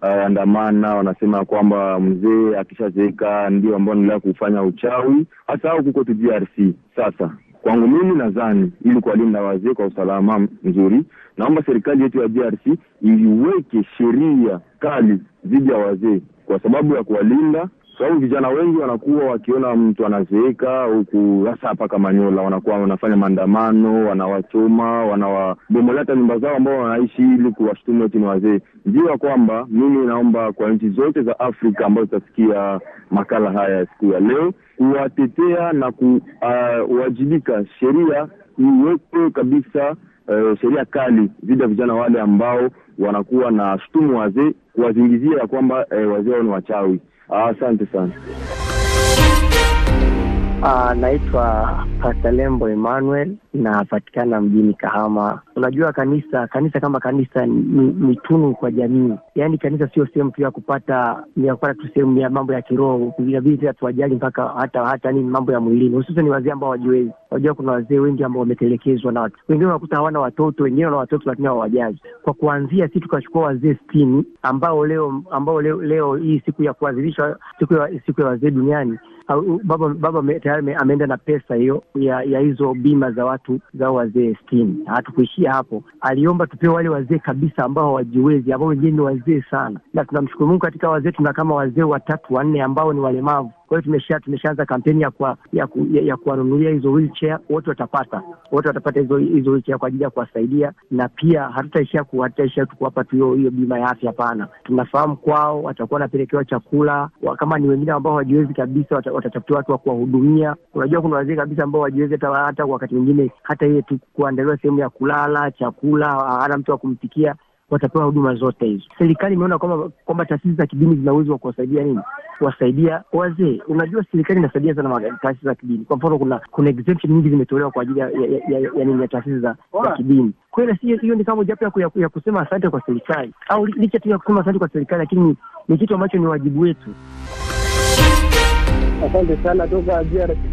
waandamana wanasema kwamba mzee akishazeeka ndio ambao endelea kufanya uchawi hasa huko DRC sasa Kwangu mimi nadhani, ili kuwalinda wazee kwa usalama mzuri, naomba serikali yetu ya DRC iliweke sheria kali dhidi ya wazee kwa sababu ya kuwalinda sababu so, vijana wengi wanakuwa wakiona mtu anazeeka huku, hasa hapa Kamanyola, wanakuwa wanafanya maandamano, wanawachoma, wanawabomolea hata nyumba zao ambao wanaishi, ili kuwashutumu eti ni wazee. Ndio kwamba mimi naomba kwa nchi zote za Afrika ambazo zitasikia makala haya ya siku ya leo kuwatetea na kuwajibika, uh, sheria iwekwe kabisa, uh, sheria kali dhidi ya vijana wale ambao wanakuwa na shutumu wazee, kuwazingizia ya kwamba uh, wazee wao ni wachawi. Asante sana. Ah, naitwa Pasta Lembo Emmanuel inapatikana mjini Kahama. Unajua kanisa kanisa kama kanisa ni, ni tunu kwa jamii, yaani kanisa sio sehemu tu ya kupata ya kupata tu sehemu ya mambo ya kiroho, inabidi pia tuwajali mpaka hata hata nini mambo ya mwilini, hususan ni wazee ambao wajiwezi. Unajua kuna wazee wengi ambao wametelekezwa na watu wengine, wanakuta hawana watoto, wengine wana watoto lakini hawawajali. Kwa kuanzia, si tukachukua wazee sitini ambao leo ambao leo, leo hii siku ya kuadhimisha siku ya siku ya wazee duniani, baba baba tayari ameenda na pesa hiyo ya, ya hizo bima za watu tatu za wazee sitini. Hatukuishia hapo, aliomba tupewe wale wazee kabisa ambao hawajiwezi, ambao wengine ni wazee sana, na tunamshukuru Mungu katika wazee tuna kama wazee watatu wanne ambao ni walemavu kwa hiyo tumesha tumeshaanza kampeni ya kwa, ya, ku, ya, ya kuwanunulia hizo wheelchair, wote watapata wote watapata hizo hizo wheelchair kwa ajili ya kuwasaidia, na pia hatutaishia ku, hatutaishia tu kuwapa tu hiyo bima ya afya. Hapana, tunafahamu kwao watakuwa wanapelekewa chakula wa, kama ni wengine ambao hawajiwezi kabisa watatafutiwa watu wa kuwahudumia. Unajua kuna wazee kabisa ambao hawajiwezi hata, hata wakati mwingine hata ile tu kuandaliwa sehemu ya kulala, chakula, hana mtu wa kumpikia watapewa huduma zote hizo. Serikali imeona kwamba kwamba taasisi za kidini zina uwezo wa kuwasaidia nini, kuwasaidia wazee. Unajua, serikali inasaidia sana taasisi za kidini. Kwa mfano, kuna kuna exemption nyingi zimetolewa kwa ajili ya ya taasisi za kidini. Kwa hiyo hiyo ni kama mojawapo ya kusema asante kwa serikali, au licha tu ya kusema asante kwa serikali, lakini ni kitu ambacho ni wajibu wetu. Asante sana toka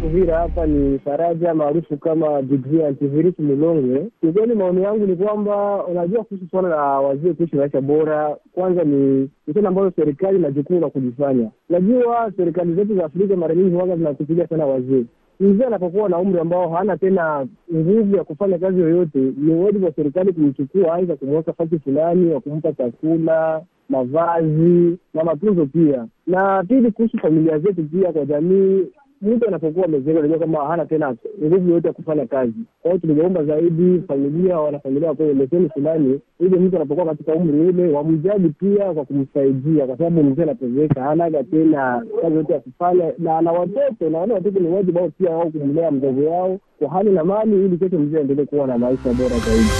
Uvira. Hapa ni Faraja maarufu kama Digri Antivirus Mulonge. Kiukweli, maoni yangu ni kwamba unajua, kuhusu suala la wazee kuishi maisha bora, kwanza ni suala ambayo serikali na jukumu la kujifanya. Najua serikali zetu za Afrika mara nyingi waga zinakupilia sana wazee mzee anapokuwa na umri ambao hana tena nguvu ya kufanya kazi yoyote, ni wajibu wa serikali kumchukua, aidha kumweka fasi fulani wa kumpa chakula, mavazi na matunzo pia. Na pili, kuhusu familia zetu pia, kwa jamii mtu anapokuwa amezeeka, unajua kwamba hana tena nguvu yote ya kufanya kazi. Kwa hiyo tulijaomba zaidi familia, wanafamilia wapewe leseni fulani, ili mtu anapokuwa katika umri ule, wamjaji pia kwa kumsaidia, kwa sababu mzee anapozeeka hanaga tena kazi yote ya kufanya, na ana watoto, na wale watoto ni wajibu wao pia wao kumlea mdogo wao kwa hali na mali, ili kesho mzee aendelee kuwa na maisha bora zaidi.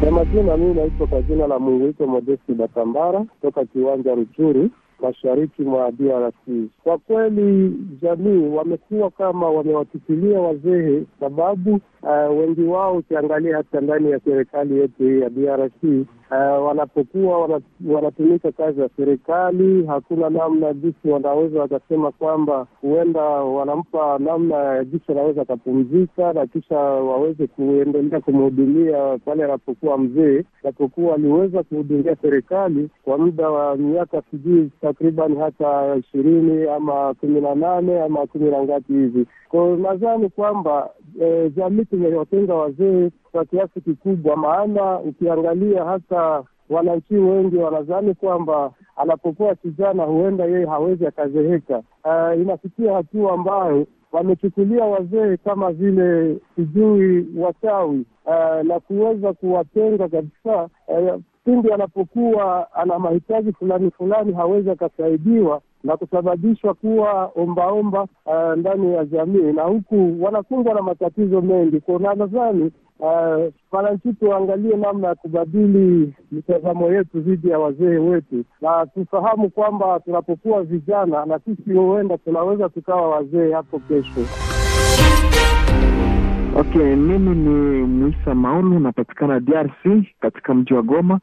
Kwa majina, mimi naitwa kwa jina la Munguiko Modesti Batambara toka kiwanja Ruchuru mashariki mwa DRC. Kwa kweli, jamii wamekuwa kama wamewatupilia wazee, sababu uh, wengi wao ukiangalia hata ndani ya serikali yetu hii ya DRC uh, wanapokuwa wanatumika kazi ya serikali, hakuna namna jinsi wanaweza wakasema kwamba huenda wanampa namna ya jinsi wanaweza akapumzika na kisha waweze kuendelea kumhudumia pale anapokuwa mzee, japokuwa aliweza kuhudumia serikali kwa muda wa miaka sijui takriban hata ishirini ama kumi na nane ama kumi na ngapi hivi. Kwa nadhani kwamba eh, jamii tumewatenga wazee kwa kiasi kikubwa, maana ukiangalia hasa wananchi wengi wanadhani kwamba anapokuwa kijana huenda yeye hawezi akazeheka. Uh, eh, inafikia hatua ambayo wamechukulia wazee kama vile sijui wachawi uh, na kuweza kuwatenga kabisa uh, pindi anapokuwa ana mahitaji fulani fulani hawezi akasaidiwa na kusababishwa kuwa ombaomba omba, uh, ndani ya jamii, na huku wanakumbwa na matatizo mengi. Kwa nadhani Uh, mara tuangalie namna ya kubadili mitazamo yetu dhidi ya wazee wetu, na tufahamu kwamba tunapokuwa vijana na sisi huenda tunaweza tukawa wazee hapo kesho. Okay, mimi ni Mwisa Maulu, napatikana DRC katika mji wa Goma.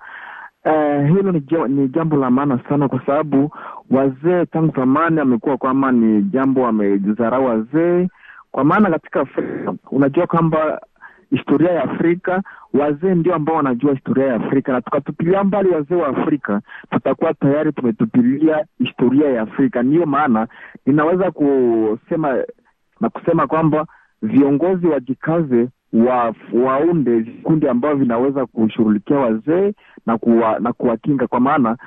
Uh, hilo ni, ni jambo la maana sana kwa sababu wazee tangu zamani amekuwa kwamba ni jambo wamejizarau wazee, kwa maana katika Afrika unajua kwamba historia ya Afrika. Wazee ndio ambao wanajua historia ya Afrika, na tukatupilia mbali wazee wa Afrika, tutakuwa tayari tumetupilia historia ya Afrika. Ndiyo maana ninaweza kusema na kusema kwamba viongozi wajikaze wa waunde vikundi ambavyo vinaweza kushughulikia wazee na kuwa, na kuwakinga kwa maana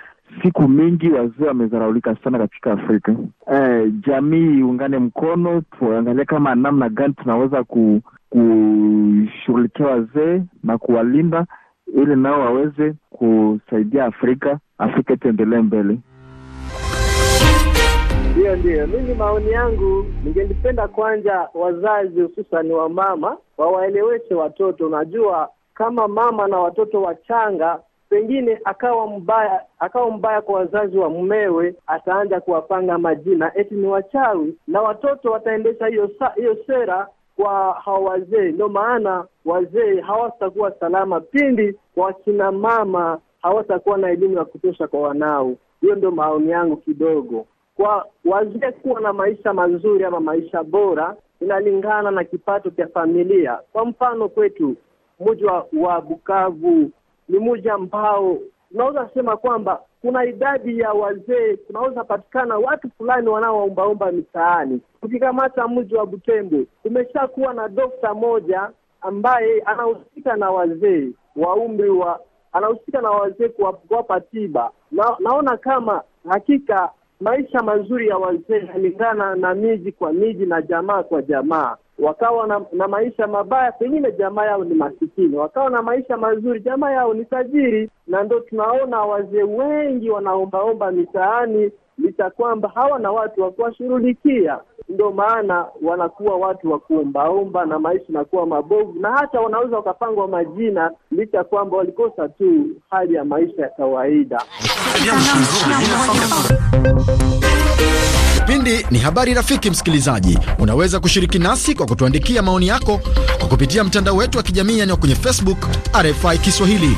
Siku mingi wazee wamezaraulika sana katika Afrika. E, jamii iungane mkono, tuangalie kama namna gani tunaweza ku, kushughulikia wazee na kuwalinda ili nao waweze kusaidia Afrika, Afrika itaendelea mbele. Ndiyo, ndio mimi maoni yangu, ningelipenda kwanza wazazi hususani wa mama wawaeleweshe watoto. Unajua, kama mama na watoto wachanga pengine akawa mbaya, akawa mbaya kwa wazazi wa mmewe, ataanza kuwapanga majina eti ni wachawi, na watoto wataendesha hiyo hiyo sera kwa hawa wazee. Ndio maana wazee hawatakuwa salama pindi wakina mama hawatakuwa na elimu ya kutosha kwa wanao. Hiyo ndio maoni yangu kidogo. Kwa wazee kuwa na maisha mazuri ama maisha bora inalingana na kipato cha familia. Kwa mfano kwetu mji wa Bukavu ni muji ambao tunaweza sema kwamba kuna idadi ya wazee, kunaweza patikana watu fulani wanaoombaomba mitaani. Tukikamata mji wa Butembo, kumeshakuwa na dokta moja ambaye anahusika na wazee wa umri wa anahusika na wazee kuwapa tiba na, naona kama hakika maisha mazuri ya wazee yalingana na miji kwa miji na jamaa kwa jamaa wakawa na, na maisha mabaya, pengine jamaa yao ni masikini. Wakawa na maisha mazuri, jamaa yao ni tajiri. Na ndo tunaona wazee wengi wanaombaomba mitaani licha kwamba hawana watu wa kuwashughulikia. Ndio maana wanakuwa watu wa kuombaomba na maisha inakuwa mabovu, na hata wanaweza wakapangwa majina licha kwamba walikosa tu hali ya maisha ya kawaida. Kipindi ni habari rafiki. Msikilizaji, unaweza kushiriki nasi kwa kutuandikia maoni yako kwa kupitia mtandao wetu wa kijamii yaani kwenye Facebook RFI Kiswahili.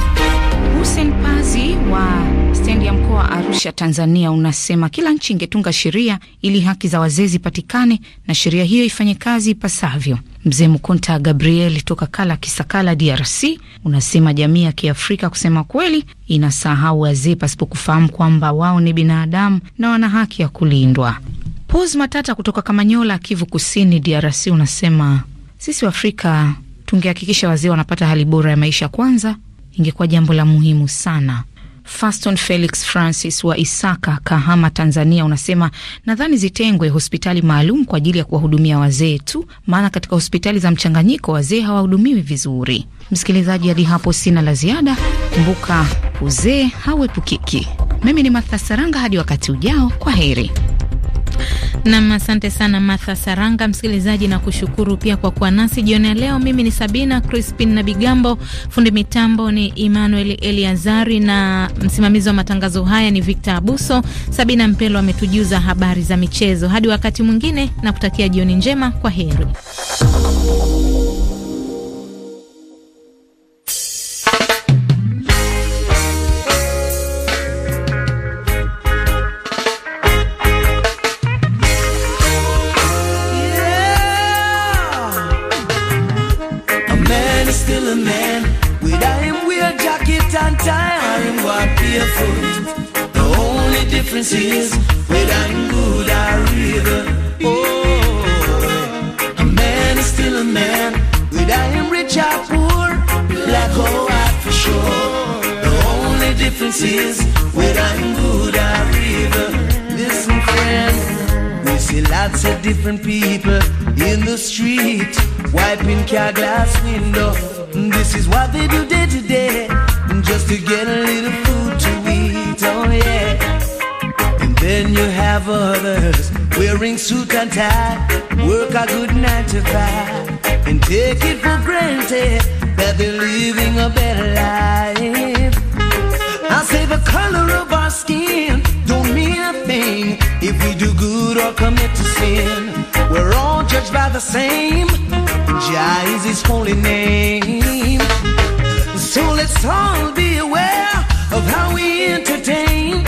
Hussein Pazi wa stendi ya mkoa wa Arusha, Tanzania, unasema kila nchi ingetunga sheria ili haki za wazee zipatikane na sheria hiyo ifanye kazi ipasavyo. Mzee Mkonta Gabriel toka Kala Kisakala, DRC, unasema jamii ya Kiafrika kusema kweli inasahau wazee pasipo kufahamu kwamba wao ni binadamu na wana haki ya kulindwa pos Matata kutoka Kamanyola, Kivu Kusini, DRC, unasema sisi Waafrika tungehakikisha wazee wanapata hali bora ya maisha kwanza, ingekuwa jambo la muhimu sana. Faston Felix Francis wa Isaka, Kahama, Tanzania, unasema nadhani zitengwe hospitali maalum kwa ajili ya kuwahudumia wazee tu, maana katika hospitali za mchanganyiko wazee hawahudumiwi vizuri. Msikilizaji, hadi hapo sina la ziada. Kumbuka uzee hauepukiki. Mimi ni Martha Saranga, hadi wakati ujao, kwa heri. Nam, asante sana Martha Saranga. Msikilizaji na kushukuru pia kwa kuwa nasi jioni ya leo. Mimi ni Sabina Crispin na Bigambo, fundi mitambo ni Emmanuel Eliazari na msimamizi wa matangazo haya ni Victor Abuso. Sabina Mpelo ametujuza habari za michezo. Hadi wakati mwingine, na kutakia jioni njema. Kwa heri. experiences, whether good or evil. Oh, a man is still a man, whether am rich or poor, black or white for sure. The only difference is whether him good or evil. Listen, friend, we see lots of different people in the street, wiping car glass window. This is what they do day to day, just to get a little food to eat. Oh yeah. Then you have others wearing suit and tie, work a good nine to five, and take it for granted that they're living a better life. I say the color of our skin don't mean a thing if we do good or commit to sin. We're all judged by the same. Jah is His holy name. So let's all be aware of how we entertain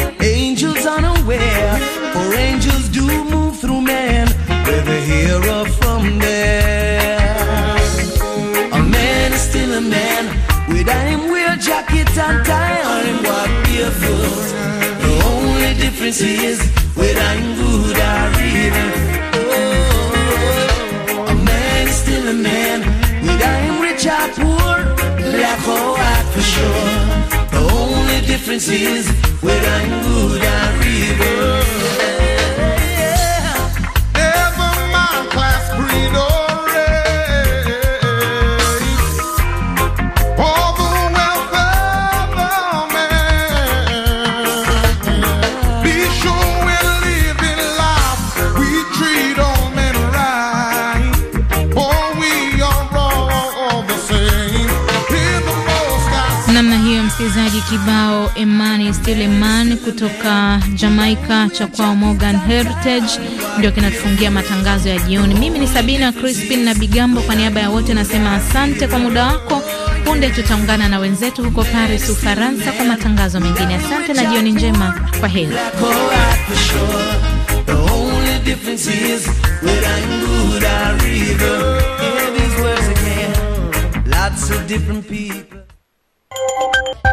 everywhere. For angels do move through man, whether here or from there. A man is still a man, with him wear jacket and tie, or him walk barefoot. The only difference is whether i good or evil. a man is still a man, with him rich or poor, black or white for sure difference is where I'm good evil. Yeah. Never mind class creed kibao Emani Still kutoka Jamaica cha kwao Morgan Heritage ndio kinatufungia matangazo ya jioni. Mimi ni Sabina Crispin na Bigambo, kwa niaba ya wote nasema asante kwa muda wako. Punde tutaungana na wenzetu huko Paris, Ufaransa, kwa matangazo mengine. Asante na jioni njema, kwa heri.